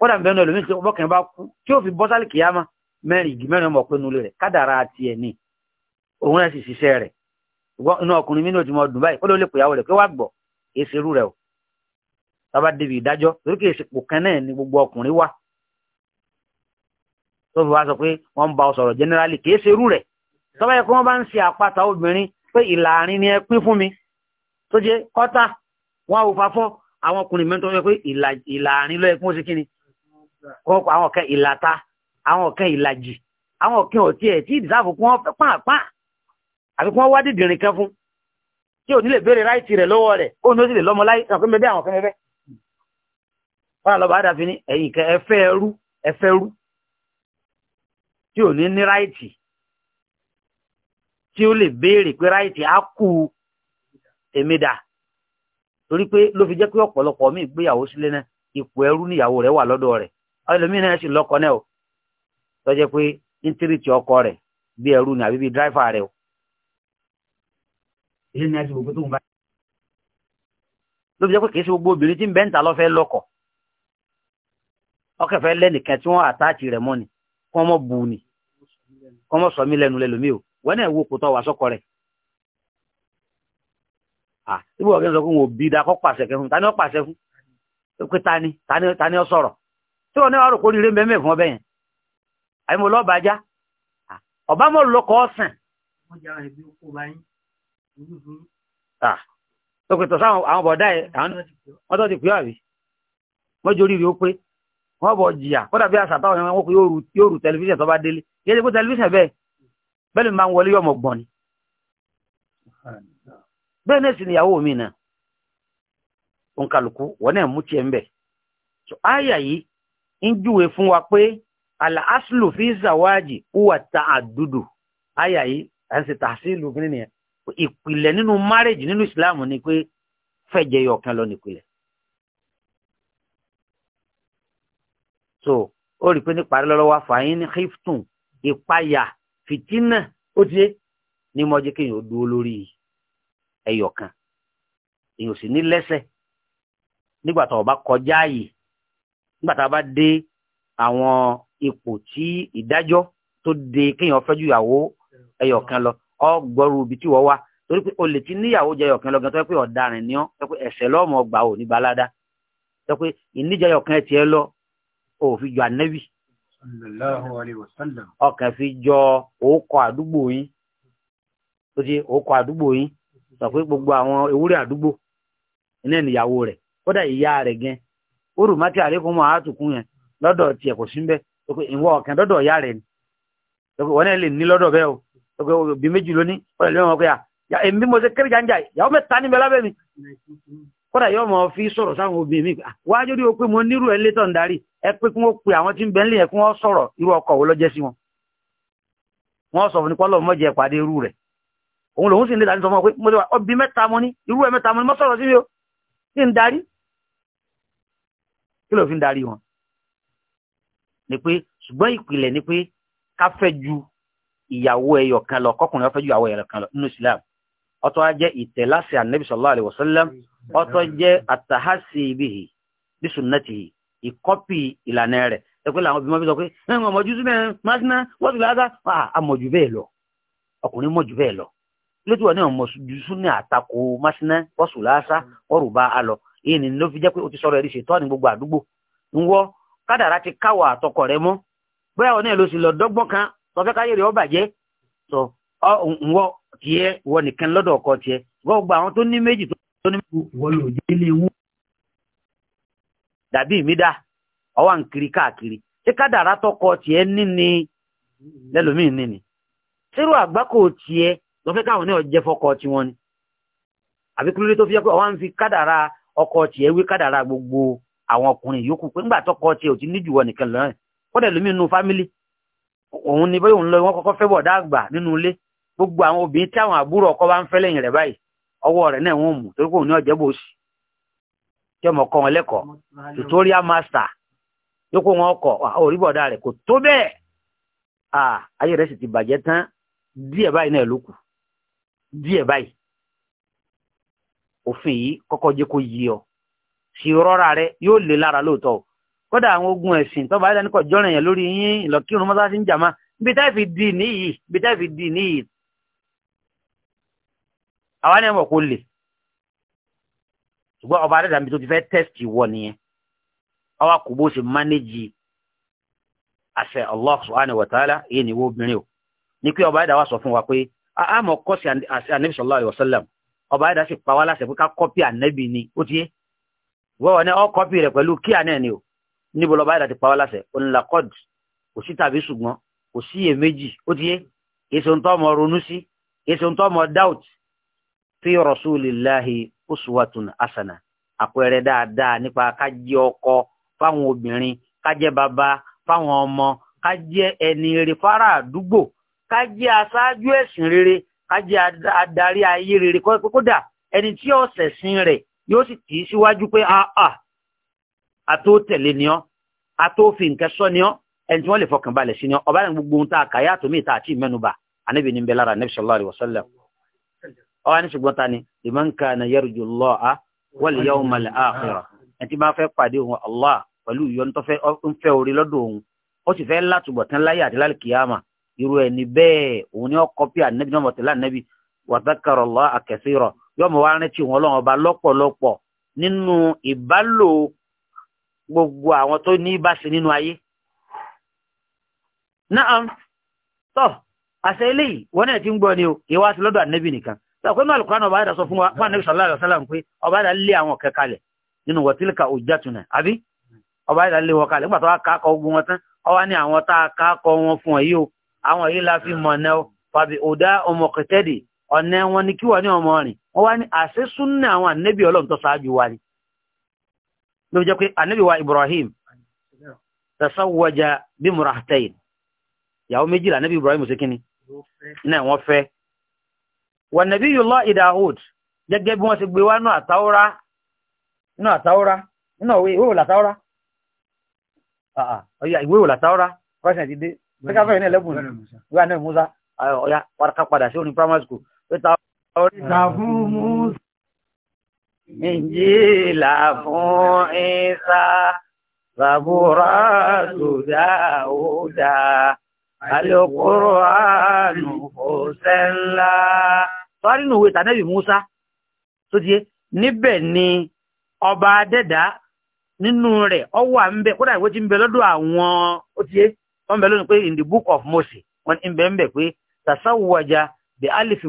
kódà ń bẹnu ẹlòmíì tí ọkùnrin bá kú tí ó fi bọ́ sálì kìyàmá mẹ́rin igi mẹ́rin ọmọ pinnu rẹ̀ kádàrá tiẹ̀ ni òun rẹ̀ sì ṣiṣẹ́ rẹ̀ inú ọkùnrin mi ní òtí mọ dùn báyìí ó ló lè pèyàwó rẹ̀ pé wá gbọ́ èsì irú rẹ̀ o tábà débi ìdájọ́ torí kì í sèpò kan náà ni gbogbo ọkùnrin wà tó fi wá sọ pé wọ́n ń bá ọ sọ̀rọ̀ generally kì í ṣe irú rẹ̀ tọ́ba yẹ kí wọ́n bá ń ni ẹ pín fún mi tó jẹ́ kọ́tà wọn ò fà fọ́ àwọn ọkùnrin mẹ́tọ́ kọ́kọ́ àwọn kan ìlàta àwọn kan ìlàjì àwọn kan ọ̀tí ẹ̀ tí ìdìsáàfù kún wọn pàápàá àfi kún wọn wá dìdìrín kan fún tí ò ní lè béèrè ráìtì rẹ̀ lọ́wọ́ rẹ̀ ó ní ó sì lè lọ́mọ láyé àwọn kan bẹ́ẹ̀ àwọn kan bẹ́ẹ̀ wọn àlọ́ bàá dàbí ní ẹ̀yìn kan ẹfẹ́ rú ẹfẹ́ rú tí ò ní ní ráìtì tí ó lè béèrè pé ráìtì á kú èmi dà torí pé ló fi jẹ́ pé ọ̀pọ̀lọpọ̀ mi gbéyàwó sílé náà ipò ẹrú níyàwó rẹ̀ wà lọ́dọ̀ rẹ̀ ẹlòmíì náà sì lọ́kọ náà o tọ́jẹ́ pé ń tírìtì ọkọ rẹ̀ bí ẹrú ni àbí bí dráìfà rẹ̀ o ilé ní àti gbogbo tó ń bá ló fi jẹ́ pé kìí ṣe gbogbo obìnrin tí ń bẹ́ǹtà lọ́fẹ́ lọ́kọ ọkẹ̀fẹ́ lẹ́nìkan tí wọ́n àtáàtì rẹ̀ mọ́ ni kọ́ mọ́ bu ni kọ́ mọ́ sọ mí lẹ́nu lẹ́lòmíì o wọ́n náà wo kòtọ́ wà sọ́kọ rẹ̀ ibùdó ọ̀gẹ́ sọ pé wọn ò bí da kọ́ pàṣẹ kẹfún ta ni pàṣẹ fún pé ta ni ta sọ̀rọ̀ tí wọ́n ní wàá rò kó rire mẹ́mẹ́ fún ọbẹ̀ yẹn àyè mo lọ́ọ́ bá já ọba mọ̀ lọ́kọ̀ ọ̀sìn. wọ́n jẹ́ àwọn ẹbí kó bá yín ìlú fún yín. lókètò sáwọn àwọn bọ̀dá ẹ̀ wọ́n tó ti pè àrí wọ́n jorí rí ó pé wọ́n bọ̀ jìyà kọ́dà bí àṣà táwọn ẹ̀wọ̀n kò yóò rù tẹlifíṣàn tó bá délé yé ti kó tẹlifíṣàn bẹ́ẹ̀ bẹ́ẹ̀ ni máa ń wọlé yọmọ gbọ̀n ni bẹ́ẹ̀ náà sì ni ìyàwó mi náà òǹkàlùkù wọ́n náà mú tiẹ̀ ń bẹ̀ so áyà yìí ń júwe fún wa pé al-aslu fi zawaji huwa ta'addudu àyà yìí à ń ṣe tàṣílù kí nìyẹn ìpìlẹ̀ nínú márèjì nínú ìsìláàmù ni pé fẹ̀jẹ̀ yọ̀kan lọ nípìlẹ̀. so ó rí i pé ní lọ́wọ́ wa fàáyín ní hifton ìpayà fìtínà ó ti ní mọ́jú kí èèyàn dúró lórí ẹyọ̀kan èèyàn sì ní lẹ́sẹ̀ nígbà tó o bá kọjá yìí nígbà tá a bá dé àwọn ipò tí ìdájọ́ tó de kéèyàn fẹ́ ju ìyàwó ẹyọ̀kan lọ ọ gbọ́rù ibi tí wọ́n wà torí pé olè tí níyàwó jẹ ẹyọ̀kan lọ gan tó yẹ pé ọ̀daràn ni ọ́ tó yẹ pé ẹ̀ṣẹ̀ lọ́mọ ọgbà ò ní balada tó yẹ pé ìníjà ẹyọ̀kan ẹ̀ tiẹ̀ lọ òfin jọ ànẹ́bì ọkàn fi jọ òkọ àdúgbò yín tó ti òkọ àdúgbò yín sọ pé gbogbo àwọn ewúrẹ́ àdúgbò iná ìyàwó rẹ̀ kódà ìyá rẹ̀ gan oru mati àlékún mọ́ àátùkún yẹn lọ́dọ̀ tiẹ̀ kò sí ń bẹ́ ìwọ ọ̀kẹ́ lọ́dọ̀ ìyá rẹ̀ ni wọ́n náà lè ní lọ́dọ̀ bẹ́ẹ̀ o bí méjì lóní ọ̀rẹ́ lóyún ọkọ̀ yà èmi mo kéré jàǹjà mi kódà yóò fi sọ̀rọ̀ sáwọn obìnrin mi wájú rí o pé mo nírú ẹ létọ̀ ń darí ẹ pé kí pe àwọn tí ń bẹ kí irú kí ló fi ń darí wọn ni pé ṣùgbọ́n ìpìlẹ̀ ni pé ká fẹ́ ju ìyàwó ẹyọ kan lọ kọkùnrin ọfẹ́ ju ìyàwó ẹyọ kan lọ nínú Islam ọtọ́ á jẹ́ ìtẹ̀láṣẹ ànábì sallallahu alaihi wasallam ọtọ́ jẹ́ àtàhásí ibihi bí sunnatihi ìkọ́pì ìlànà rẹ̀ ẹgbẹ́ làwọn obìnrin sọ pé ẹ̀wọ̀n mọ̀jú sí mẹ́rin másínà wọ́tù láàdá àmọ̀jú bẹ́ẹ̀ lọ ọkùnrin mọ̀jú bẹ́ẹ̀ lọ lótú wọn ní ọmọ jùsùn ní àtakò másínà wọ́sù láàṣà wọ́rùbá alọ ìní ló fi jẹ́ pé o ti sọ̀rọ̀ ẹ̀rí ṣètọ́ ní gbogbo àdúgbò ń wọ́ kádàrá ti káwọ̀ àtọkọ̀ rẹ mọ́ bóyá ọ̀nà sì lọ dọ́gbọ́n kan tọ́fẹ́ ọ bàjẹ́ sọ ń tiẹ̀ wọ nìkan lọ́dọ̀ ọkọ tiẹ̀ gbogbo àwọn tó ní méjì tó ní mi dá ọwọ́ kiri káàkiri ṣé kádàrá tọkọ tiẹ̀ ní ni lẹ́lòmíì ní ni sírò àgbákò tiẹ̀ lọ́fẹ́ káwọn fọkọ tiwọn ni tó fi yẹ pé ọwọ́ ọkọ tiẹ̀ wí kádàrà gbogbo àwọn ọkùnrin yòókù pé nígbà tọkọ tiẹ̀ ò ti ní jùwọ nìkan lọ́rùn kọ́dẹ̀ lómi nínú fámílì òun ni bóyá òun lọ wọn kọ́kọ́ fẹ́ bọ̀dá àgbà nínú ilé gbogbo àwọn obìnrin tí àwọn àbúrò ọkọ bá ń fẹ́ lẹ́yìn rẹ̀ báyìí ọwọ́ rẹ̀ náà wọ́n mú torí kò ní ọjọ́ bó sì tí ọmọ kọ́ wọn lẹ́kọ̀ọ́ tutorial master yóò kó wọn kọ̀ orí bọ̀dá rẹ̀ kò tó bẹ́ẹ̀ ayé rẹ̀ sì ti bàjẹ́ tán díẹ̀ báyìí náà ló kù báyìí òfin yìí kọ́kọ́ jẹ́ kó yí ọ sì rọ́ra rẹ yóò lè lára lóòótọ́ o kódà àwọn ogun ẹ̀sìn tó bá dání kọ̀ jọ́rìn yẹn lórí yín ìlọ́kírun mọ́sáàsì ń jàmá bí táì fi di níyì bí táì fi di níyì àwa ni ẹ̀mọ̀ kò lè ṣùgbọ́n ọba adẹ́dàá mi tó ti fẹ́ tẹ́sítì wọ nìyẹn àwa kò bó ṣe mánéjì àṣẹ Allah subhanahu wa ta'ala yìí ni wọ́n obìnrin o ní pé ọba adẹ́dàá wa sọ fún wa pé àmọ̀ kọ́sì àníbísọ̀lá àlè ọba ẹ̀dá sì pa wá láṣẹ pé ká kọ́pì ànẹ́bì ni ó ti yé wọ́wọ́ ní ọ kọ́pì rẹ̀ pẹ̀lú kíá náà ni o níbo lọ́ba ẹ̀dá ti pa wá láṣẹ onlakọ́d kò sí tàbí ṣùgbọ́n kò sí iyèméjì ó ti yé èso ń tọ́mọ ronú sí èso ń tọ́mọ doubt fi rasulillahi uswatun asana àpẹẹrẹ dáadáa nípa kájẹ ọkọ fáwọn obìnrin kájẹ bàbá fáwọn ọmọ kájẹ ẹni rere fárá àdúgbò kájẹ aṣáájú ẹ̀sìn rere kájẹ́ adarí ayé rere kódà ẹni tí ọ̀sẹ̀ sin rẹ̀ yóò sì tì í síwájú pé àà ah, àtó ah, tẹ̀lé ni ọ́ àtó fi nǹkan sọ ni ọ́ ẹni tí wọ́n lè fọkàn balẹ̀ sí ni ọ́ ọba ní gbogbo ohun tá a kà yàtọ̀ mí tá a ànábì ní bẹ́lára ànábì sallallahu alaihi wasallam ọba ní ṣùgbọ́n ta ni liman kana yarju Allaha wal yawmal akhirah ẹni tí máa fẹ́ pàdé òun Allah pẹ̀lú ìyọ́ntọ́fẹ́ ń fẹ́ orí lọ́dọ̀ òun ó sì fẹ́ látùbọ̀ tán láyé àti lálùkìyàmà irú ẹni bẹ́ẹ̀ òun ni ó kọ́pì ànábì náà mọ̀tẹ́lá ànábì wàtàkàrọ̀ lọ́ àkẹ́sìrọ̀ yóò mọ̀ wá rántí wọn lọ́wọ́ ọba lọ́pọ̀lọpọ̀ nínú ìbálò gbogbo àwọn tó ní bá ṣe nínú ayé. náà tọ́ àṣẹ eléyìí wọn náà ti ń gbọ́ ni o kì í wá sí lọ́dọ̀ ànábì nìkan tọ́ pé màlúkọ́ náà ọba àdá sọ fún wa fún ànábì sọ̀lá àdásálà ń pé ọba àdá àwọn yìí la fi mọ̀ náà fàbí ọ̀dá ọmọ kẹtẹ́dì ọ̀nà wọn ni kí wọ́n ní ọmọ rìn wọ́n wá ní àṣẹ súnà àwọn ànẹ́bí ọlọ́run tó ṣáájú wa ni ló jẹ́ pé ànẹ́bí wa Ibrahim tasawwaja bí murahatayin ìyàwó méjìlá ànẹ́bí Ibrahim sí kíni náà wọ́n fẹ́ wà nabiyullah Dawud gẹ́gẹ́ bí wọ́n ti gbé wá náà àtàwọ́rá náà àtàwọ́rá náà ìwé wò Pẹ́ká fẹ́ ní ẹlẹ́bùn ní ìwé Musa ọ̀yá ya, padà pada orin primary school. Pẹ́ta orí ta fún Musa. Ìjìlá fún Ìsá, Sàbúrà Sùdá Òdà, Alukóró Àánú Òsẹ́ńlá. Sọ́rí nù wé tànẹ́bì Musa tó di níbẹ̀ ni ọba adẹ́dá nínú rẹ̀ ọwọ́ à ń bẹ kódà ìwé ti ń bẹ wọ́n bẹ̀ lónìí pè in the book of Moses wọ́n ń bẹ̀ ń bẹ̀ pé tasawwaja bi alifi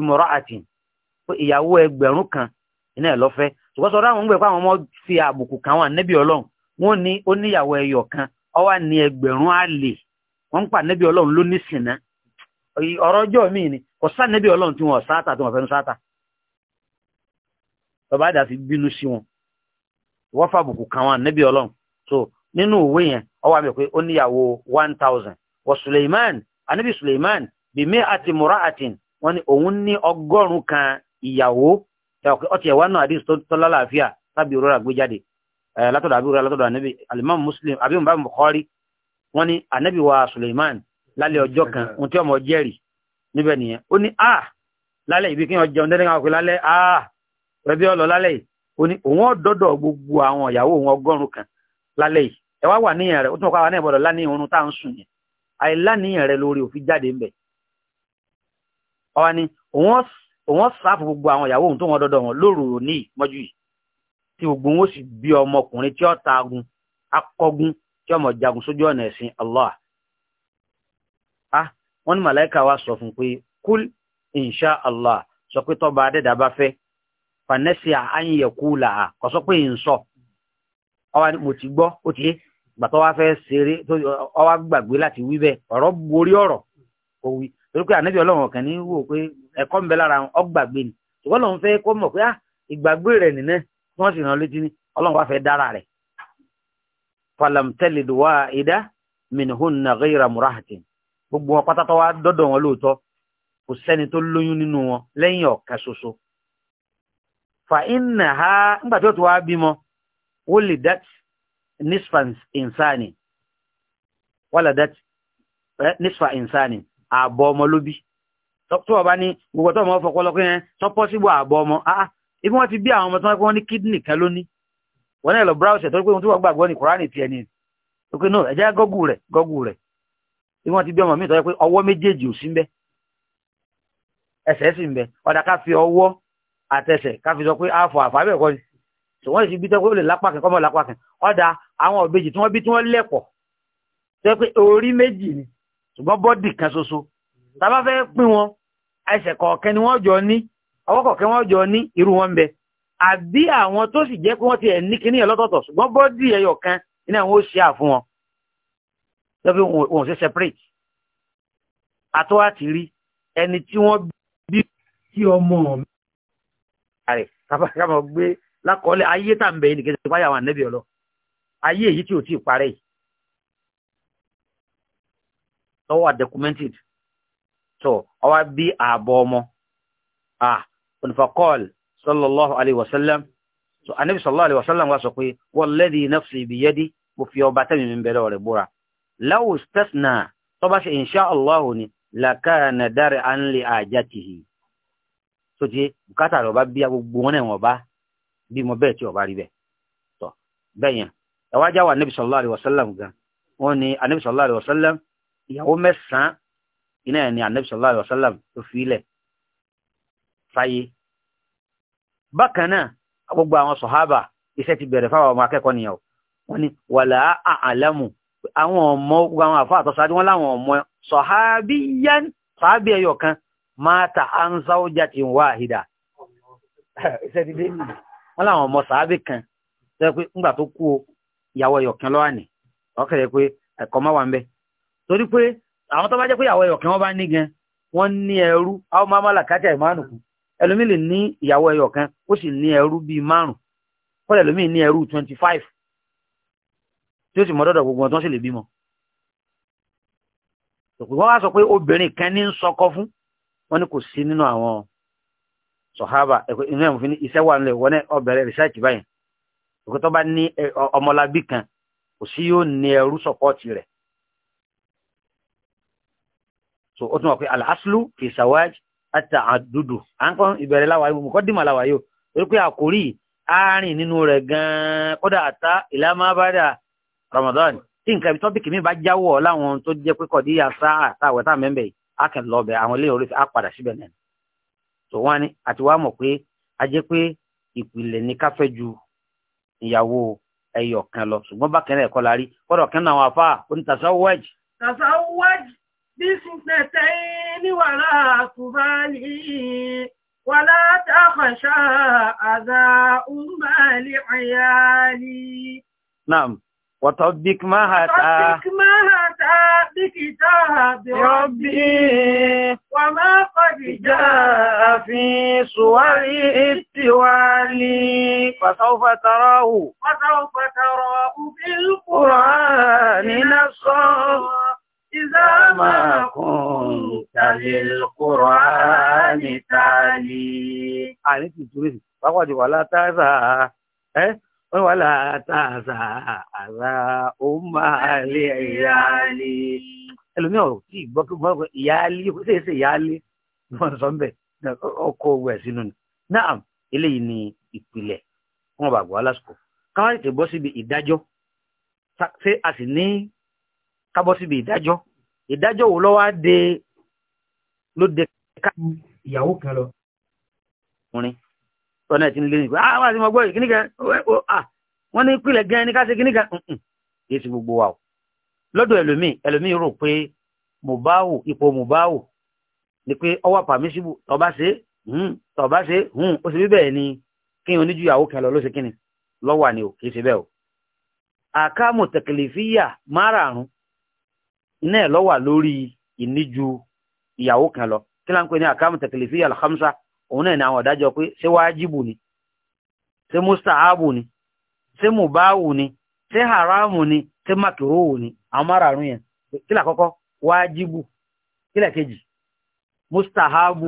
pé kan iná ẹ̀ lọ́fẹ́ ṣùgbọ́n àwọn àwọn ọmọ fi àbùkù kan nẹ́bí ọlọ́run ní ó ẹyọ kan ọ̀rọ̀ ọjọ́ mi ọwọ́ àmì pé ó níyàwó one thousand wọ Suleiman anabi Suleiman bí mi àti muraatin wọ́n ní òun ní ọgọ́rùn-ún kan ìyàwó ọtí ẹ̀wá náà àdìs tó lálàáfíà tábí òrórà gbé jáde látọ̀dọ̀ àbí òrórà látọ̀dọ̀ anabi alimami Muslim àbí òun bá mi Bukhari wọ́n ní anabi wa Suleiman lálẹ́ ọjọ́ kan ohun tí ọmọ jẹ́rìí níbẹ̀ nìyẹn ó ní a ah! lálẹ́ ìbí kí wọ́n jẹun dẹ́rẹ́ káwọn pé lálẹ́ a ah! rẹ̀bí ọlọ lálẹ́ yìí ó ní òun ọ̀dọ́dọ̀ gbogbo àwọn ìyàwó òun ọgọ́rùn-ún kan lálẹ́ yìí ẹ wá wà níyàn rẹ̀ ó tún ọkọ̀ àwọn náà gbọ́dọ̀ láníyàn oorun tá à ń sùn yẹn àìláníyàn rẹ̀ lórí òfin jáde ń bẹ̀ ni òun sáàfù gbogbo àwọn ìyàwó òun tó wọn dọ́dọ̀ wọn lóru òní mọ́jú yìí tí gbogbo wọn sì bí ọmọkùnrin tí ó tagun akọgun tí ọmọ jagun sójú ọ̀nà ẹ̀sìn Allah ah wọ́n ní màláìka wa sọ fún pé kúl insha Allah sọ pé tọ́ba adẹ́dà bá fẹ́ fanẹ́sì àyẹ̀kú làá kọ́ sọ pé ń sọ ọwọ́ ni mo ti gbọ́ ó ti yé gbàtọ́ wá fẹ́ ṣeré tó ọwá gbàgbé láti wí bẹ́ẹ̀ ọ̀rọ̀ borí ọ̀rọ̀ kò wí torí pé ànábì ọlọ́run ọ̀kan ní wò pé ẹ̀kọ́ ń bẹ lára ọ gbàgbé ni ṣùgbọ́n lòun fẹ́ kó mọ̀ pé ah, ìgbàgbé rẹ̀ nìyẹn tí wọ́n sì rán létí ní ọlọ́run wá fẹ́ dára rẹ̀. falam wá ìdá minhun na ghayra gbogbo wọn pátátọ́ wá dọ́dọ̀ wọn lóòótọ́ kò sẹ́ni tó lóyún nínú wọn lẹ́yìn fa ha tí ó ti wá bímọ wọ́n lè dá nisfa insani wala waladat eh, nisfa insani àbọ̀ ọmọ ló bí tó ọba ní gbogbo tó ọmọ fọpọlọ pé yẹn eh, tó pọ́síbù àbọ̀ ọmọ ah, ah ibi wọ́n ti bí àwọn ọmọ tó wọ́n ní kidney kan lóní wọ́n náà lọ browse tó pé wọ́n tó wọ́n gbàgbọ́ ní kùránì tiẹ̀ ni ó pé náà ẹ̀jẹ̀ gọ́gù rẹ̀ gọ́gù rẹ̀ ibi wọ́n ti bí ọmọ mi tó yẹ pé ọwọ́ méjèèjì ò sí ń bẹ ẹsẹ̀ sì ń fi ọwọ́ àtẹsẹ̀ ká fi sọ pé àfọ̀ àfọ̀ àbẹ̀kọ́ ni so wọ́n lè fi bí tẹ́kọ́ lè lápá kan kọ́mọ lápá kan ọ̀dà àwọn ọ̀bejì tí wọ́n bí tí wọ́n lẹ̀pọ̀ tẹ́ pé orí méjì ni ṣùgbọ́n bọ́dì kan ṣoṣo tá bá fẹ́ pín wọn ẹsẹ̀ kọ̀ọ̀kan ni wọ́n jọ ní ọwọ́ kọ̀ọ̀kan wọ́n jọ ní irú wọn bẹ àbí àwọn tó sì jẹ́ pé wọ́n ti ẹ̀ ní kíní ẹ̀ lọ́tọ̀ọ̀tọ̀ ṣùgbọ́n bọ́dì ẹyọ kan ní àwọn ó ṣe àfún wọn tẹ́ pé wọn ò ṣe separate àtọ́wà ti rí ẹni tí wọ́n bí tí ọmọ rẹ̀ kábàkámọ̀ gbé lákọọ́lẹ̀ ayé tà ń bẹ ní kẹsì fáyà wà nẹ́bí ọlọ ayé èyí tí ò tí ì parẹ́ yìí tọ́wọ́ wà documented tó ọwá bí ààbọ̀ ọmọ à onífàkọ́ọ̀lù sallallahu alayhi wa sallam so anabi sallallahu alayhi wa sallam wa sọ pé walladhi nafsi biyadi mo fi ọba tẹ́mi mi bẹ̀rẹ̀ rẹ̀ búra law istasna tó bá ṣe insha Allah ni lakana dar'an li ajatihi tó ti bùkátà rẹ̀ ọba bí gbogbo wọn náà wọ́n bá bí mo bẹ́ẹ̀ tí ọba rí bẹ́ẹ̀ tọ́ bẹ́ẹ̀ yẹn ẹ wá já wà níbi sallallahu alaihi wasallam gan wọ́n ní àníbi sallallahu alaihi wasallam ìyàwó mẹ́sàn-án iná ẹ̀ ní àníbi sallallahu alaihi wasallam tó fi ilẹ̀ fáyé bákan náà gbogbo àwọn sọ̀hábà iṣẹ́ ti bẹ̀rẹ̀ fáwọn ọmọ akẹ́kọ̀ọ́ nìyàwó wọ́n ní wàlá àlámù àwọn ọmọ àwọn àfáà àtọ́sáájú wọn láwọn ọmọ sọ̀hábíyán wọ́n láwọn ọmọ sàábì kan tó yẹ pé ńgbà tó kú o ìyàwó ẹ̀yọ̀kan lọ́wọ́ ni ọkọ̀ yẹ pé ẹ̀kọ́ má wà ń bẹ̀ torí pé àwọn tó bá jẹ́ pé ìyàwó ẹ̀yọ̀kan wọ́n bá ní gan wọ́n ní ẹrú àwọn máa má làkàtà ìmánu kù ẹlòmíì lè ní ìyàwó ẹ̀yọ̀kan ó sì ní ẹrú bíi márùn kọ́lẹ̀ ẹlòmíì ní ẹrú twenty five tí ó sì mọ́ dọ́dọ̀ gbogbo wọn tó sì lè bímọ wọ́n wá sọ pé obìnrin kan ní ń sọkọ fún wọn ni kò sí nínú àwọn sọ̀hábà ẹ̀kọ́ inú ẹ̀mú fi ní iṣẹ́ wà nílẹ̀ wọ́n ọbẹ̀rẹ̀ rìsáàtì báyìí ẹ̀kọ́ tó bá ní ọmọlábí kan kò sí yóò ní ẹrú sọ̀pọ́ọ̀tì rẹ̀ so ó tún wà pé al-aslu fi zawaj at-ta'addudu à ń kọ́ ìbẹ̀rẹ̀ láwàá yóò muqaddima láwàá yóò torí pé àkórí àárín nínú rẹ̀ gan kódà àtá ìlàmábàdà Ramadan tí nǹkan ibi tọ́pìkì mi bá jáwọ́ láwọn tó jẹ́ pé kọ̀díyà sáà táwẹ̀ táà mẹ́mbẹ̀ẹ́ akẹ́lọ́bẹ̀ àwọn ilé orí á padà síbẹ̀ nẹ́nu tó wá ní àti wá mọ̀ pé a jẹ́ pé ìpìlẹ̀ ní ká fẹ́ ju ìyàwó ẹyọ kan lọ ṣùgbọ́n bákan náà ẹ̀kọ́ la rí kọ́dọ̀ kan náà àwọn afá onítàṣà wẹ́j. tàṣà wẹ́j bí sùnfẹ̀tẹ̀ níwàrà àkùbálì wàlá tàkàṣà àdá umbali ayáli. naam wọ́tọ̀ bíkmáhà tá. wọ́tọ̀ bíkmáhà. بكتاب ربي وما قد جاء في صور التوالي فسوف تراه فسوف تراه في القرآن نصا إذا ما كنت للقرآن تالي عليك الجريد فقد ولا تزا ولا تهزا أذا أم لعيالي ẹlòmí ọ̀rọ̀ tí ìgbọ́kúgbọ́kú ìyáálí ó sì ṣe ìyáálí wọn sọ bẹ́ẹ̀ ọkọ̀ owó ẹ̀ sínú ni náà eléyìí ni ìpìlẹ̀ wọn bá gbọ́ alásùkò káwọn tètè bọ́ síbi ìdájọ́ ṣé a sì ní ká bọ́ síbi ìdájọ́ de ló de ká ìyàwó kan tọ́nà ti ń lé nípa ah, àwọn àti mọ̀gbọ́ yìí kíníkà wọ́n ní pìlẹ̀ gan ẹni káṣe kíníkà yìí ti gbogbo wa o lọ́dọ̀ ẹlòmíì ẹlòmíì rò pé mùbáwò ipò mùbáwò ni pé ọwọ́ pàmísìbù tọba ṣe hmm, tọba ṣe hmm, ó sì bíbẹ̀ ni kí n oníjú ìyàwó kan lọ ló ṣe kíni lọ́wọ́ ni o kìí ṣe bẹ́ẹ̀ o àkàmù tẹkẹlẹfíyà márààrún iná ẹ̀ lọ́wọ́ lórí ìníjú ìyàwó kan kí láǹkó ní àkàmù tẹkẹlẹfíyà al òun náà ni àwọn ọ̀dájọ́ pé ṣé wájibù ni ṣé mustahabu ni ṣé mubahu ni ṣé haramu ni ṣé makiruhu ni àwọn márààrún yẹn kílà kọ́kọ́ wájibù kílà kejì mustahabu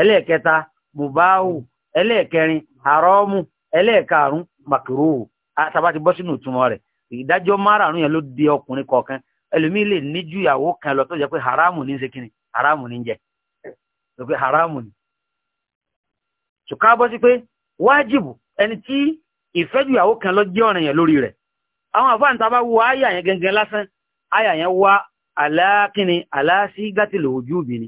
ẹlẹ́ẹ̀kẹta mubahu ẹlẹ́ẹ̀kẹrin haramu ẹlẹ́ẹ̀karùn makiruhu àtàbá ti bọ́ sínú ìtumọ̀ rẹ̀ ìdájọ́ márààrún yẹn ló di ọkùnrin kọ̀ọ̀kan haramu ni ń haramu ni ń ṣùkà bọ́ sí pé wájìbù ẹni tí ìfẹ́jú ìyàwó kan lọ jẹ́ ọ̀ràn yẹn lórí rẹ̀ àwọn àfáà níta bá wo àyà yẹn gẹ́gẹ́ lásán àyà yẹn wá aláàkíni aláàsí gátìlò ojú òbí ni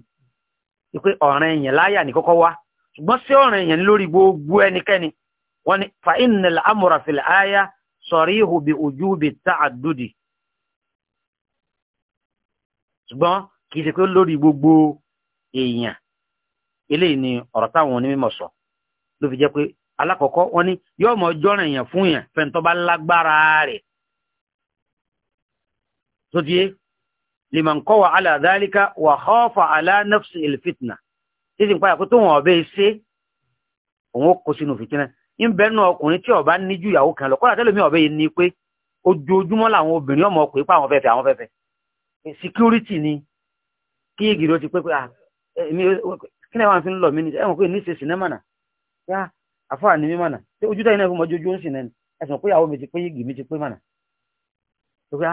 pé ọ̀ràn yẹn láyà ní kọ́kọ́ wá ṣùgbọ́n sí ọ̀ràn yẹn lórí gbogbo ẹnikẹ́ni wọ́n ní fa innal amra fil aya sarihu bi ujubi ta'addudi ṣùgbọ́n kì í ṣe pé lórí gbogbo èèyàn eléyìí ni ọ̀rọ̀ táwọn onímọ̀ sọ ló fi jẹ́ pé alákọ̀ọ́kọ́ wọ́n ní yóò mọ jọ́ràn èèyàn fún yẹn fẹ́ntọ́ bá lágbára rẹ̀ tó liman kọ́wà aláàdálíkà wà khafa ala nafsi ilfitna títí nípa àkótó wọn ọ̀bẹ ṣe òun ó kó sínú fìtínà ń bẹ nínú ọkùnrin tí ọba níjú ìyàwó kan lọ kọ́lá tẹ́lẹ̀ mi yìí ni pé ojoojúmọ́ làwọn obìnrin ọmọ ọkùnrin pa àwọn fẹ́fẹ́ àwọn fẹ́fẹ́ security ni kí igi ló ti pé pé ah eh, kí ni àwọn fi ń lọ mí ni ẹ̀wọ̀n pé ní ṣe sinimá náà Ya, àfáà ni mímọ̀nà tí ojú dáyìn náà fún mọ́jú ojú ń sìn náà ẹ̀sùn pé ìyàwó mi ti pé yìgì mi ti pé mọ̀nà tó fi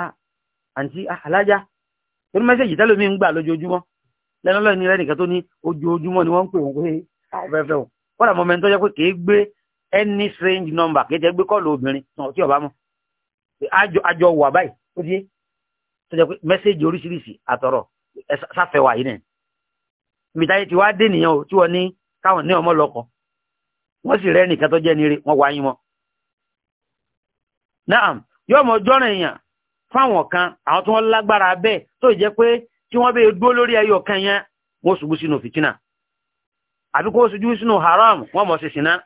àǹtí ah, alájá tó ní mẹ́sẹ̀jì tẹ́lẹ̀ mi ń gbà lójoojúmọ́ lẹ́nu lọ́ọ̀ ní rẹ́ nìkan tó ní ojoojúmọ́ ni wọ́n ń pè wọ́n pé afẹ́fẹ́ ah, o kọ́dà mọ́mẹ́ tó yẹ pé kì í gbé any strange number kì í jẹ́ gbé kọ́ọ̀lù obìnrin tí ọba mọ́ àjọ wà báyìí ó di tó jẹ́ pé mẹ́sẹ̀jì oríṣiríṣi àtọ̀rọ̀ sáfẹ́ wà yìí nìyẹn ibi táyé ti wá dé nìyẹn o tí wọ́n ní káwọn ní ọmọ lọ́kọ̀ọ́ wọ́n sì rẹ́ nìkan tó jẹ́ nire wọ́n wá yín mọ́. naam yóò mọ jọ́ràn èèyàn fáwọn kan àwọn tí wọ́n lágbára bẹ́ẹ̀ tó jẹ́ pé tí wọ́n bẹ dúró lórí ẹyọ kan yẹn wọ́n ṣubú sínú fìtínà àbí kó ṣubú sínú haram wọ́n mọ̀ ṣèṣìn náà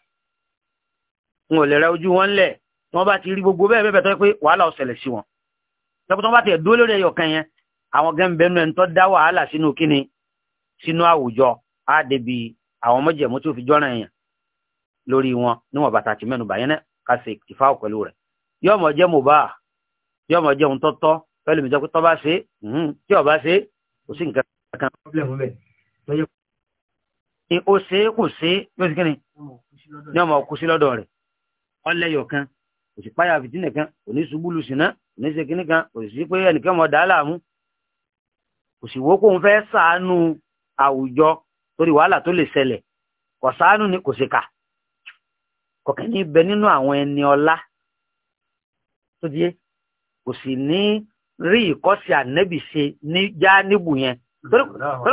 wọn ò lè rẹ ojú wọn lẹ̀ tí wọ́n bá ti rí gbogbo bẹ́ẹ̀ bẹ́ẹ̀ tó pé wàhálà ọ̀sẹ̀lẹ̀ sí wọn tọ́pọ̀ bá ti dúró lórí ẹyọ kan yẹn lórí wọn níwọ̀n bàtà àti mẹ́nu bàyẹn náà ká ṣe ìfá pẹ̀lú rẹ̀ yóò mọ̀ jẹ́ mùbá yóò mọ̀ jẹ́ ohun tọ́tọ́ pẹ̀lú mi jẹ́ pé tọ́ bá ṣe tí ọba ṣe kò sí nǹkan kan. o ṣe kò ṣe yóò sì kíni yóò mọ̀ kú sí lọ́dọ̀ rẹ̀ ọlẹ́yọ̀ kan kò sí páyà fìtínẹ̀ kan kò ní ṣubúlù síná kò ní ṣe kíní kan kò sì wó kóun kọ̀kẹ́ ní bẹ nínú àwọn ẹni ọlá tó di kò sì ní rí ìkọ́sí ànẹ́bì ṣe ní já níbù yẹn torí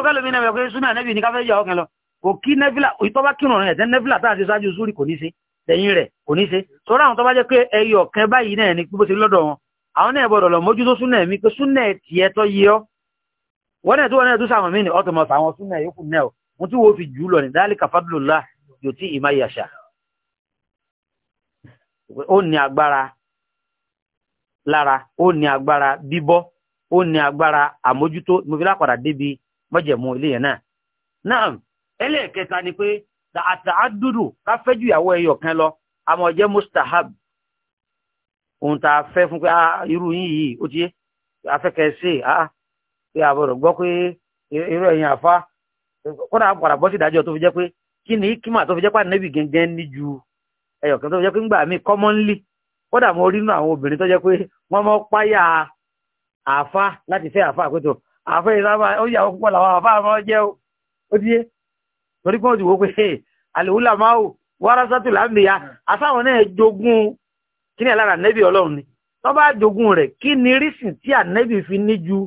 kálómi náà wẹ̀ pé súnà ànẹ́bì ní káfẹ́ yà ọkàn lọ kò kí nẹ́fìlà ìtọ́ba kírun rẹ̀ tẹ́ nẹ́fìlà tá à ti ṣáájú súrì kò ní ṣe tẹ̀yìn rẹ̀ kò ní ṣe sọ́rọ́ àwọn tó bá jẹ́ pé ẹyọ ọ̀kẹ́ báyìí náà ni bó ṣe lọ́dọ̀ wọn àwọn náà gbọ́dọ̀ lọ mójútó súnà mi pé súnà tiẹ̀ tọ́ yẹ ọ́ wọ́n náà tó wọ́n náà tó sàwọn mí ni ọ̀tọ̀mọ̀fà àwọn súnà yòókù náà ohun tí wọ́n fi jù lọ ní dálíkà fadlullah yòtí ìmáyàṣà ó ní agbára lára ó ní agbára bíbọ́ ó ní agbára àmójútó mo fi lápadà débi mọ́jẹ̀mú ilé yẹn náà. náà ẹlẹ́ẹ̀kẹta ni pé àtàádùdù ká ju ìyàwó ẹyọ kan lọ àmọ́ mustahab ohun tá a fẹ́ fún pé ah, irú yín yìí ó ti yé afẹ́kẹ́ sí àá pé àbọ̀rọ̀ gbọ́ pé irú ẹ̀yìn àfa kọ́nà ìdájọ́ fi jẹ́ pé kí ni fi jẹ́ ju ẹyọ̀kan tó jẹ́ pé ń gbà mí commonly kódà mo rí nínú àwọn obìnrin tó jẹ́ pé wọ́n mọ́ páyà àáfà láti fẹ́ àáfà àpètò àáfà yìí sábà ó yà wọ́n púpọ̀ làwọn àáfà máa jẹ́ ó díye torí pé wọ́n ti wò pé àlèwúlà máa wò wàrà sátò láǹbìyà àsáwọn náà jogún kí ni alára nẹ́bí ọlọ́run ni tó bá jogún rẹ̀ kí ni rísìn tí ànẹ́bí fi ní ju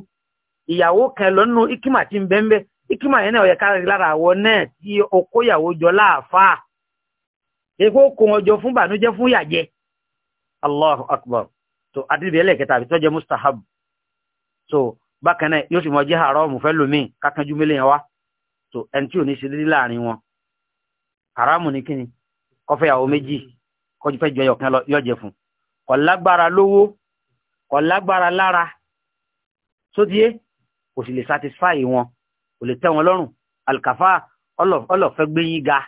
ìyàwó kan lọ́nù ikima ti ń bẹ́ńbẹ́ ikima yẹn náà ó yẹ ká rí lára àwọn náà tí okóyàwó jọ láàfáà èkó kò wọn jọ fún bànújẹ́ fún yàjẹ allahu akbar so àdìdì ẹlẹ́kẹta àbí tọ́jẹ́ mustahab so bákan náà yóò sì mọ jẹ́ haramu fẹ́ lómi kákanjú mélé yẹn wá so ẹni tí ò ní ṣe dédé láàrin wọn haramu ní kíni kọfẹ́ ìyàwó méjì kọjú fẹ́ jọ yọkan lọ yọjẹ fún kò lágbára lówó kò lágbára lára sódíé kò sì lè satisfy wọn kò lè tẹ́ wọn lọ́rùn alkafa ọlọ́fẹ́ gbẹ́yìn ga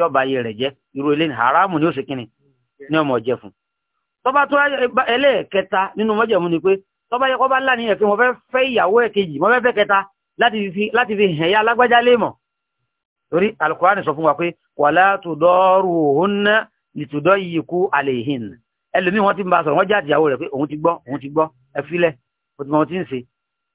tí ọba ayé rẹ̀ jẹ́ irú eléyìí haramu ni ó ṣe kíni ní ọmọ jẹ fún tọ́ba tó ẹlẹ́ẹ̀kẹta nínú mọ́jẹ̀mú ni pé tọ́ba yẹ kọ́ bá láníyàn pé mo fẹ́ fẹ́ ìyàwó ẹ̀kejì mo fẹ́ fẹ́ kẹta láti fi hẹ̀yà alágbájá léèmọ̀ torí alukurani sọ fún wa pé wàlá tùdọ́rù òun náà ìtùdọ́ yìí kú àlèhìn ẹlòmí wọn ti ń bá sọ̀rọ̀ wọ́n jáde ìyàwó rẹ̀ pé òun ti gbọ́ òun ti gbọ́ ẹ filẹ̀ o ti mọ ohun tí ń ṣe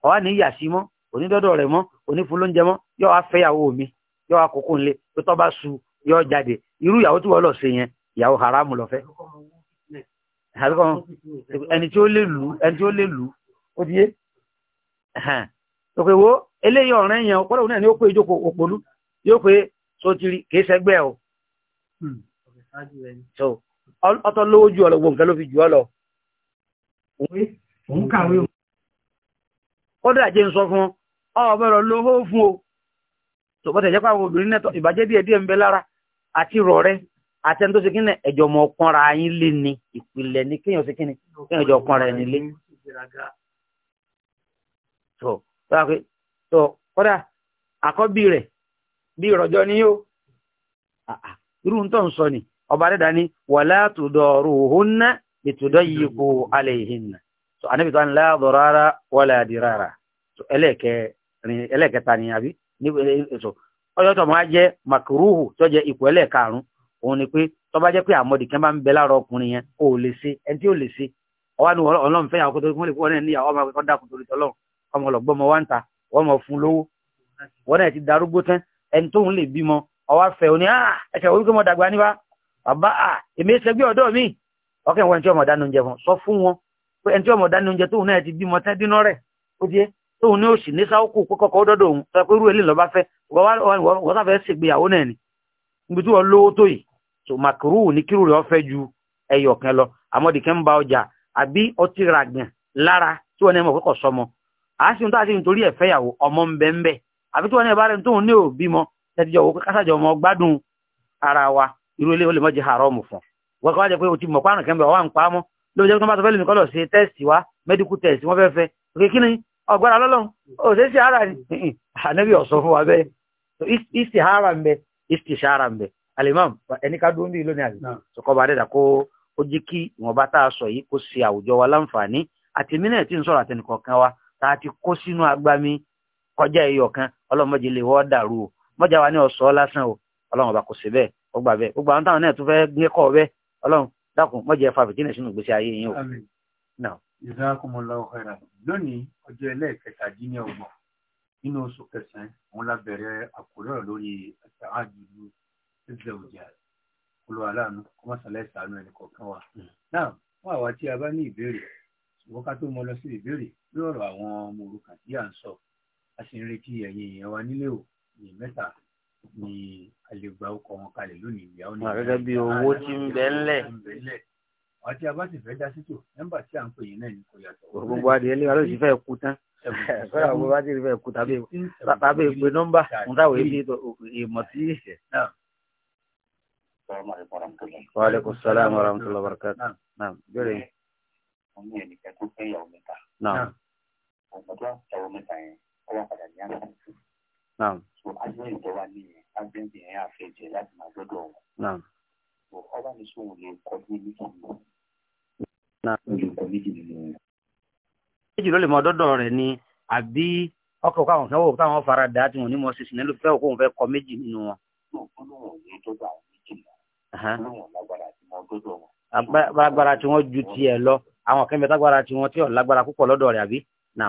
ọ̀wá ní ìyà sí mọ́ onídọ́dọ̀ rẹ̀ mọ́ onífun lóúnjẹ mọ́ yọ wá fẹ́yàwó mi yọ wá kókó ńlẹ̀ pé tọ́ bá su yọ jáde irú ìyàwó tí wọ́n lọ ṣe yẹn ìyàwó haramu lọ fẹ́ ẹni tí ó lè lù ẹni tí ó lè lù ó di yé òkè wo eléyìí ọ̀rẹ́ yẹn ọ̀pọ̀lọ̀ náà ni ó pé ìjókòó òpòlú yóò pé sotiri kìí sẹ́gbẹ́ o hmm. so ọtọ lówó ju ọlọ gbòǹkẹ́ ló fi jù ọ lọ. òun kàwé o. ó dà jẹ́ ń sọ fún ọ ọ̀bẹ̀rọ̀ lówó fún o tòbọ̀tẹ̀ jẹ́ pàwọn obìnrin náà ìbàjẹ́ díẹ̀ díẹ̀ ń bẹ lára àti rọ̀rẹ́ àti ẹni tó ṣe kíni ẹ̀jọ̀ ọmọ ọkànra yín lé ni ìpìlẹ̀ ni kéèyàn ṣe kíni kéèyàn ẹ̀jọ̀ ọkànra ẹni lé. tó tó tó kódà àkọ́bí bí ìrọ̀jọ́ ni yóò irú ń tọ́ ń sọ ni ọba dẹ́dà ni wàlá tudoruhunna litudayyiqu alayhinna so anabi tó ni ọjọ́ tó máa jẹ́ màkìrúhù tó jẹ́ ipò ẹlẹ́ẹ̀karùn òun ni pé tó bá jẹ́ pé àmọ́dì kan bá ń bẹ lára ọkùnrin yẹn kò lè ṣe ẹni tí ò lè ṣe ọwọ́ ni ọlọ́run fẹ́ yàwó kó torí wọ́n lè fún ọ̀rẹ́ níyàwó ọmọ akẹ́kọ̀ọ́ dákun torí tọ́lọ́run ọmọ ọlọ́gbọ́n ọmọ wa ń ta wọ́n mọ̀ fún lówó wọ́n náà ti darúgbó tán ẹni tóun lè bímọ ọwọ́ fẹ́ òní ẹsẹ̀ orí kọ́mọ dàgbà níbà bàbá èmi ṣẹgbẹ́ ọ̀dọ́ mi ọkẹ́ wọn ẹni tí ọmọ dánú oúnjẹ fún sọ fún wọn pé ẹni tí ọmọ dánú oúnjẹ tóun náà ti bímọ tẹ́ dínú rẹ̀ ó di tóun ní òsì ní sáwókù kọ́kọ́ dọ́dọ̀ òun sọ pé irú ilé lọ́ba fẹ́ wọ́n sáfẹ́ ṣègbéyàwó náà ni níbi tí wọ́n lówó tó yìí tó màkìrú ní kírù rẹ̀ ọ̀fẹ́ ju ẹyọ kan lọ àmọ́dì kẹ́ ń ba ọjà àbí ọtí ra gbìn lára tí wọ́n ní ẹmọ kọ́kọ́ sọmọ àásìn tó àti nítorí ẹ̀fẹ́ yàwó ọmọ ń bẹ ń bẹ àbí tí wọ́n ní ẹ̀bá rẹ̀ tóun ní òbí mọ tẹ́tíjọ wò kásàjọ ọmọ gbádùn ara wa irú ilé olè mọ́jì haramu fún wọ́n kọ́ wá jẹ́ pé o ti mọ̀ párùn kẹ́ńbẹ̀ wà ń pa á mọ́ lóòjẹ́ tó bá sọ fẹ́ lèmi kọ́ lọ sí tẹ́ẹ̀sì wa mẹ́díkù tẹ́ẹ̀sì wọ́n fẹ́ fẹ́ òkè kí ni ọ̀gbọ́nà lọ́lọ́run òṣè sí ara ni ànábì ọ̀sọ̀ fún wa bẹ́ẹ̀ ìsì ara ń bẹ ìsì sára ń bẹ alimam ẹni ká dúró ní ìlú ní àlè sọkọba adẹ́dà kó ó jí kí ìwọ̀nba tá a sọ yìí kó ṣe àwùjọ wa láǹfààní àtìmí náà tí ń sọ̀rọ̀ àtẹnìkọ̀ọ̀kan wa tá a ti kó sínú agbami kọjá ẹyọ kan ọlọ́mọdé lè wọ́ dàrú o mọ́jà wa ní ọ̀sọ́ lásán o ọlọ́run ọba kò sí bẹ́ẹ̀ ó gbà bẹ́ẹ̀ gbogbo àwọn táwọn náà tún fẹ́ gbé kọ́ bẹ́ẹ̀ ọlọ́run dákun mọ́jà ẹ̀fà fìtínà sínú lónìí ọjọ́ ẹlẹ́ẹ̀kẹtàdínlọ́gbọ̀n nínú oṣù kẹsàn-án òun la bẹ̀rẹ̀ àkórí ọ̀rọ̀ lórí àtàwájú ẹgbẹ́ òjà olùwàlànà kọ́másálẹ̀ sànú ẹnì kọ̀ọ̀kan wa. Hmm. náà fún àwa tí a bá ní ìbéèrè ṣùgbọ́n ká tó mọ lọ sí ìbéèrè lórí àwọn ọmọ òrukàn tí à ń sọ a sì ń retí ẹ̀yin èèyàn wa nílé o ní mẹ́ta ni a lè gba ọkọ̀ wọn kalẹ̀ lónìí ìyá ọ̀nà. àgẹ́gẹ́ bí owó ti ń bẹ ńlẹ̀ àti abáṣe fẹ́ dá sítò nọ́mbà tí à ń pè yín náà ni kò yàtọ̀. gbogbo adìyẹ lè wá lóṣù fẹ́ kú tán kọ́ra gbogbo adìyẹ fẹ́ kú tàbí tàbí pé nọ́mbà ń táwọn èyí ìmọ̀ sí. wa aleykum salaam wa rahmatulah wa barakatuh. naam bẹ́ẹ̀ ni. mo ní ẹnìkan tó fẹ́ yàwó mẹ́ta. naam. ọmọ tó yàwó mẹ́ta yẹn ó wà padà ní àná. naam. so méjì ló lè mọ ọdọdọ rẹ ni àbí ọkọ káwọn fẹ́ wò káwọn fara dà á tí wọn ní mọ sísè nílò fẹ́ wò kóun fẹ́ kọ méjì nínú wọn. agbára tí wọn ju tiẹ̀ lọ àwọn kẹmẹ tágbára tí wọn tí ò lágbára púpọ̀ lọ́dọ̀ rẹ àbí nà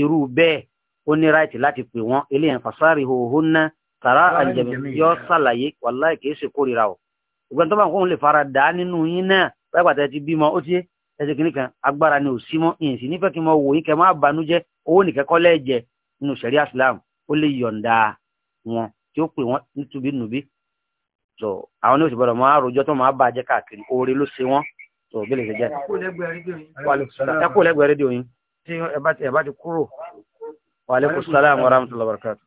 irú bẹ́ẹ̀ ó ní ráìtì láti pè wọn eléyàn fasari hoho ná tàrà àjẹmí yọ sàlàyé wàláì kìí ṣe kórìíra o ìgbẹ́ni tó bá ń kóun lè fara dà á nínú yín náà lágbàtà ti bímọ ó ti yé ẹsẹ̀ kìíní kan agbára ni ò sí mọ́ ìyẹn sì nífẹ̀ẹ́ kí n mọ wò yín kẹ́ máa banú owó nìkẹ́ kọ́lẹ́ jẹ nínú sẹ̀ríà Islam ó lè yọ̀ǹda wọn tí ó pè wọ́n nítorí nùbí tó àwọn ní òṣìbọ̀dọ̀ máa rojọ́ tó máa bàjẹ́ káàkiri oore ló ṣe wọ́n tó bí lè ṣe jẹ́ ẹ kú lẹ́gbẹ̀ẹ́ rédíò yín ẹ bá ti kúrò wa alaikum salaam wa rahmatullahi wa barakatuh.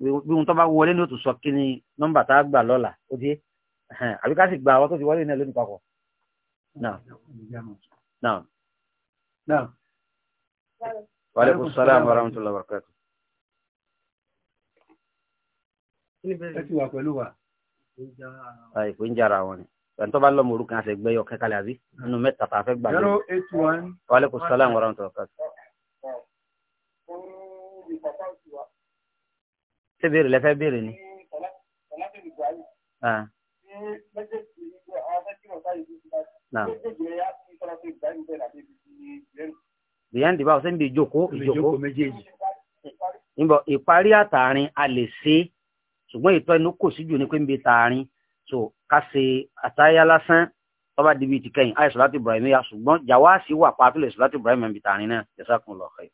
bí wọn tó bá wọlé ní òtún sọ kí ni nọ́mbà tá a gbà lọ́la ó dé àbí ká sì gba àwọn tó ti wọlé náà lónìí papọ̀. Naam. Naam. Wa alaykum salaam wa rahmatullahi wa barakatuh. Ẹ ti wà tó bá lọ́mọ orúkọ àti ẹgbẹ́ yọ kẹ́kálẹ̀ àbí nínú mẹ́ta tá a fẹ́ gbà. Zero eight one. Wa alaykum salaam wa ṣé béèrè lẹ́fẹ́ béèrè ni. bìyànjú báwo ṣe ń joko, joko, ìjókòó níbọ̀ ìparí àtàrin a lè ṣe ṣùgbọ́n ìtọ́ inú kò sí jù ní pé ń bi tààrin so ká ṣe àtàyà lásán tọ́ba dibi ti kẹ́yìn àìsàn láti Ibrahim ya ṣùgbọ́n jàwáàsì wà pa àtúlẹ̀ sọ láti Ibrahim ẹ̀ ń bi tààrin náà jazakumullahu khair.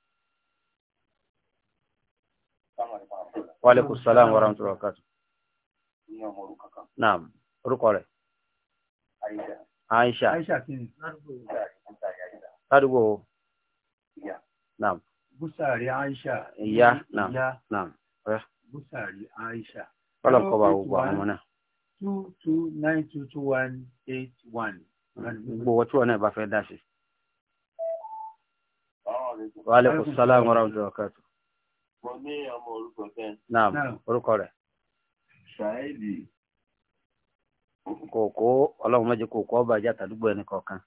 Wàlékù sálàm wàrà ń tọrọ kàtó. Ní ọmọ orúkọ kan. Naam, orúkọ Aisha. Aisha. Aisha kí ni? Ládùúgbò. Naam. Búsàrí Aisha. Ìyá. Naam. Ìyá. Naam. Busari Aisha. Kọ́lọ̀ kọ́ bá gbogbo àwọn náà. Two two nine two two one eight one. Mm, gbogbo wọ́n tí wọ́n náà bá fẹ́ dá sí. Wàlékù mo ní ọmọ orúkọ tẹ. naam orúkọ rẹ. ṣáìdì. kòkó ọlọ́run mẹ́jọ kòkó ọba ajá tàdúgbò ẹni kọ̀ọ̀kan.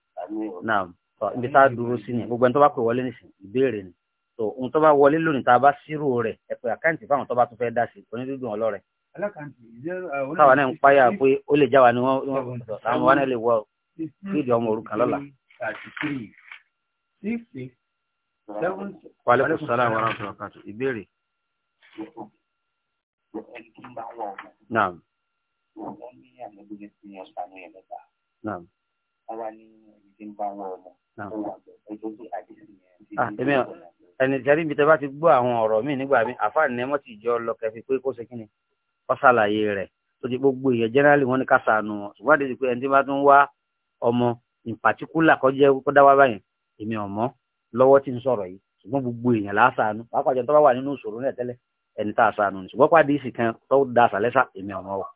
naam ibi tá a dúró sí ni gbogbo ẹni tó bá pè wọlé nìsín ìbéèrè ni so ohun tó bá wọlé lónìí tá a bá ṣírò rẹ ẹ pé àkáǹtì fáwọn tó bá tún fẹ́ dá sí onídùúdùn ọlọ́rẹ̀. táwọn náà ń páyà pé ó lè já wa ni wọ́n àwọn wa náà lè Wàlẹ́kùn sálà wà ráńtọ̀ àkàtù. Ìbéèrè. Naam. Wọ́n ní àmọ́gbẹ́gbẹ́ tí wọ́n sá ní ẹ̀mẹ́ta. Naam. Wọ́n wá ní ẹni tí ń bá wọn ọmọ. Naam. Ẹjọ́ tí àdìsí yẹn. Ẹni tẹ́rí ibi tẹ́ bá ti gbọ́ àwọn ọ̀rọ̀ míì nígbà míì, àfáàní ẹmọ́ ti jọ lọ kẹfì pé kó ṣe kí ni, ó ṣàlàyé rẹ̀. Tó ti gbogbo èèyàn jẹ́nẹ́rálì wọn ni ká sànù wọn. Ṣùgbọ́n àdéhùn pé ẹni tí bá tún wá ọmọ in particular kọjá kó dá báyìí, èmi ọ̀mọ́ lọ́wọ́ tí ń sọ̀rọ̀ yìí ṣùgbọ́n gbogbo èèyàn lásàánú pàápàá jẹ́ tó bá wà nínú ìṣòro náà tẹ́lẹ̀ ẹni tá a sànù ní ṣùgbọ́n pàdé ìsì kan tó da àṣàlẹ́sà èmi ọ̀mọ́ o.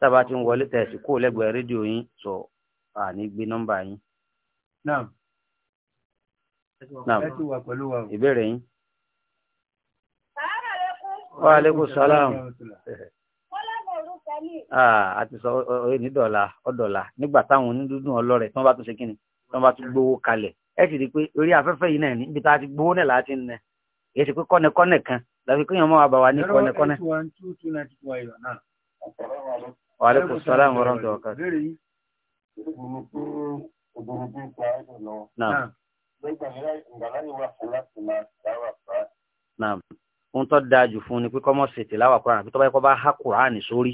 tábà tí ń wọlé tẹ̀sí kó lẹ́gbẹ̀ẹ́ rédíò yín sọ àní gbé nọ́mbà yín. naam naam ìbéèrè yín. wa aleykum salaam a ti sọ ọyẹ nídọ̀la ọdọ̀la nígbà táwọn onídùúdùn ọlọ́rẹ̀ tí wọ́n bá tún ṣe kíni tí wọ́n bá tún gbowó kalẹ̀ ẹ sì rí i pé orí afẹ́fẹ́ yìí náà níbi tá a ti gbowó náà láti nẹ èyí sì pé kọ́nẹ̀kọ́nẹ̀ kan láti kéèyàn mọ́ àbáwá ní kọ́nẹ̀kọ́nẹ̀. wàhálẹ́kùn sọ́lá ń wọ́rọ́ ń tọ́ ọ̀kan. Naam. Ohun tó dáa jù fún ni pé kọ́mọ̀ ṣètì láwà Kùránì àbí tó bá yẹ kó bá há Kùránì sórí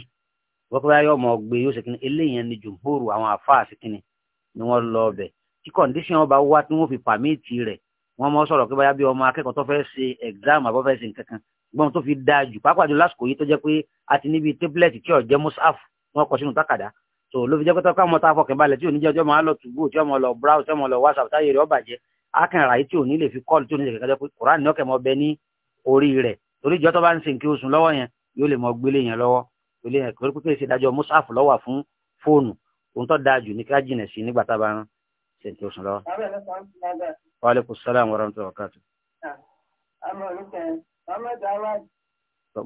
wọ́pẹ́ yóò mọ̀ gbé yóò ṣèkínní eléyìí ni jùmhóòrù àwọn àfáà ṣèkínní ni wọ́n lọ ọbẹ̀ tí kọ̀ǹdíṣìn ọba wá tí wọ́n fi pàmìtì rẹ̀ wọ́n mọ̀ sọ̀rọ̀ pé báyà bí ọmọ akẹ́kọ̀ọ́ tó fẹ́ ṣe exam àbọ̀ fẹ́ ṣe nǹkan kan gbọ́n tó fi dáa jù pàápàá jù lásìkò yìí tó jẹ́ pé a ti níbi tébúlẹ̀tì tí ọ̀jẹ́ mùsàf wọn kọ sínú tákàdá tó ló fi jẹ́ pẹ́tọ́ káwọn tá a fọkàn balẹ̀ tí ò ní jẹ́ ọjọ́ máa lọ tùgbò tí ọmọ lọ browse tí ọmọ lọ whatsapp táyé rẹ̀ ọ̀bàjẹ́ pé kùránì ọkẹ́ mọ ilé yẹn pẹ̀lú pípé ìṣèdájọ́ mùsàfù lọ́wà fún fóònù ohun tó dáa jù ní ká jìnà sí nígbà tá a bá ń ṣe nǹkan oṣù lọ́wọ́. wa alaikum salaam wa rahmatullahi wa barakatuh.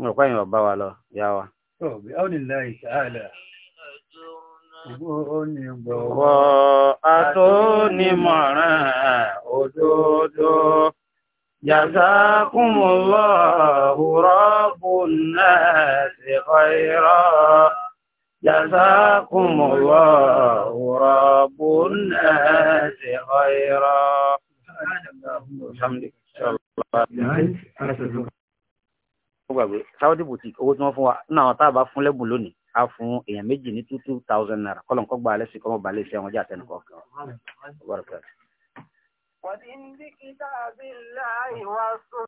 mo rò pẹ́yìn ọba wa lọ yá wa. Ògbó àtúnimọ̀ràn òdodo. جزاكم الله رب الناس خيرا جزاكم الله رب الناس خيرا الحمد لله gbàgbé sáwọ́dì boutique owó tí wọ́n fún wa nínú àwọn tá fún lẹ́bùn lónìí a fún èèyàn méjì ní two thousand naira kọ́lọ̀ ń kọ́ gba alẹ́ sí kọ́mọ́ balẹ̀ sí àwọn ọjà àtẹnukọ́ وَدِنْ بِكِتَابِ اللَّهِ وَالسُّنَّةِ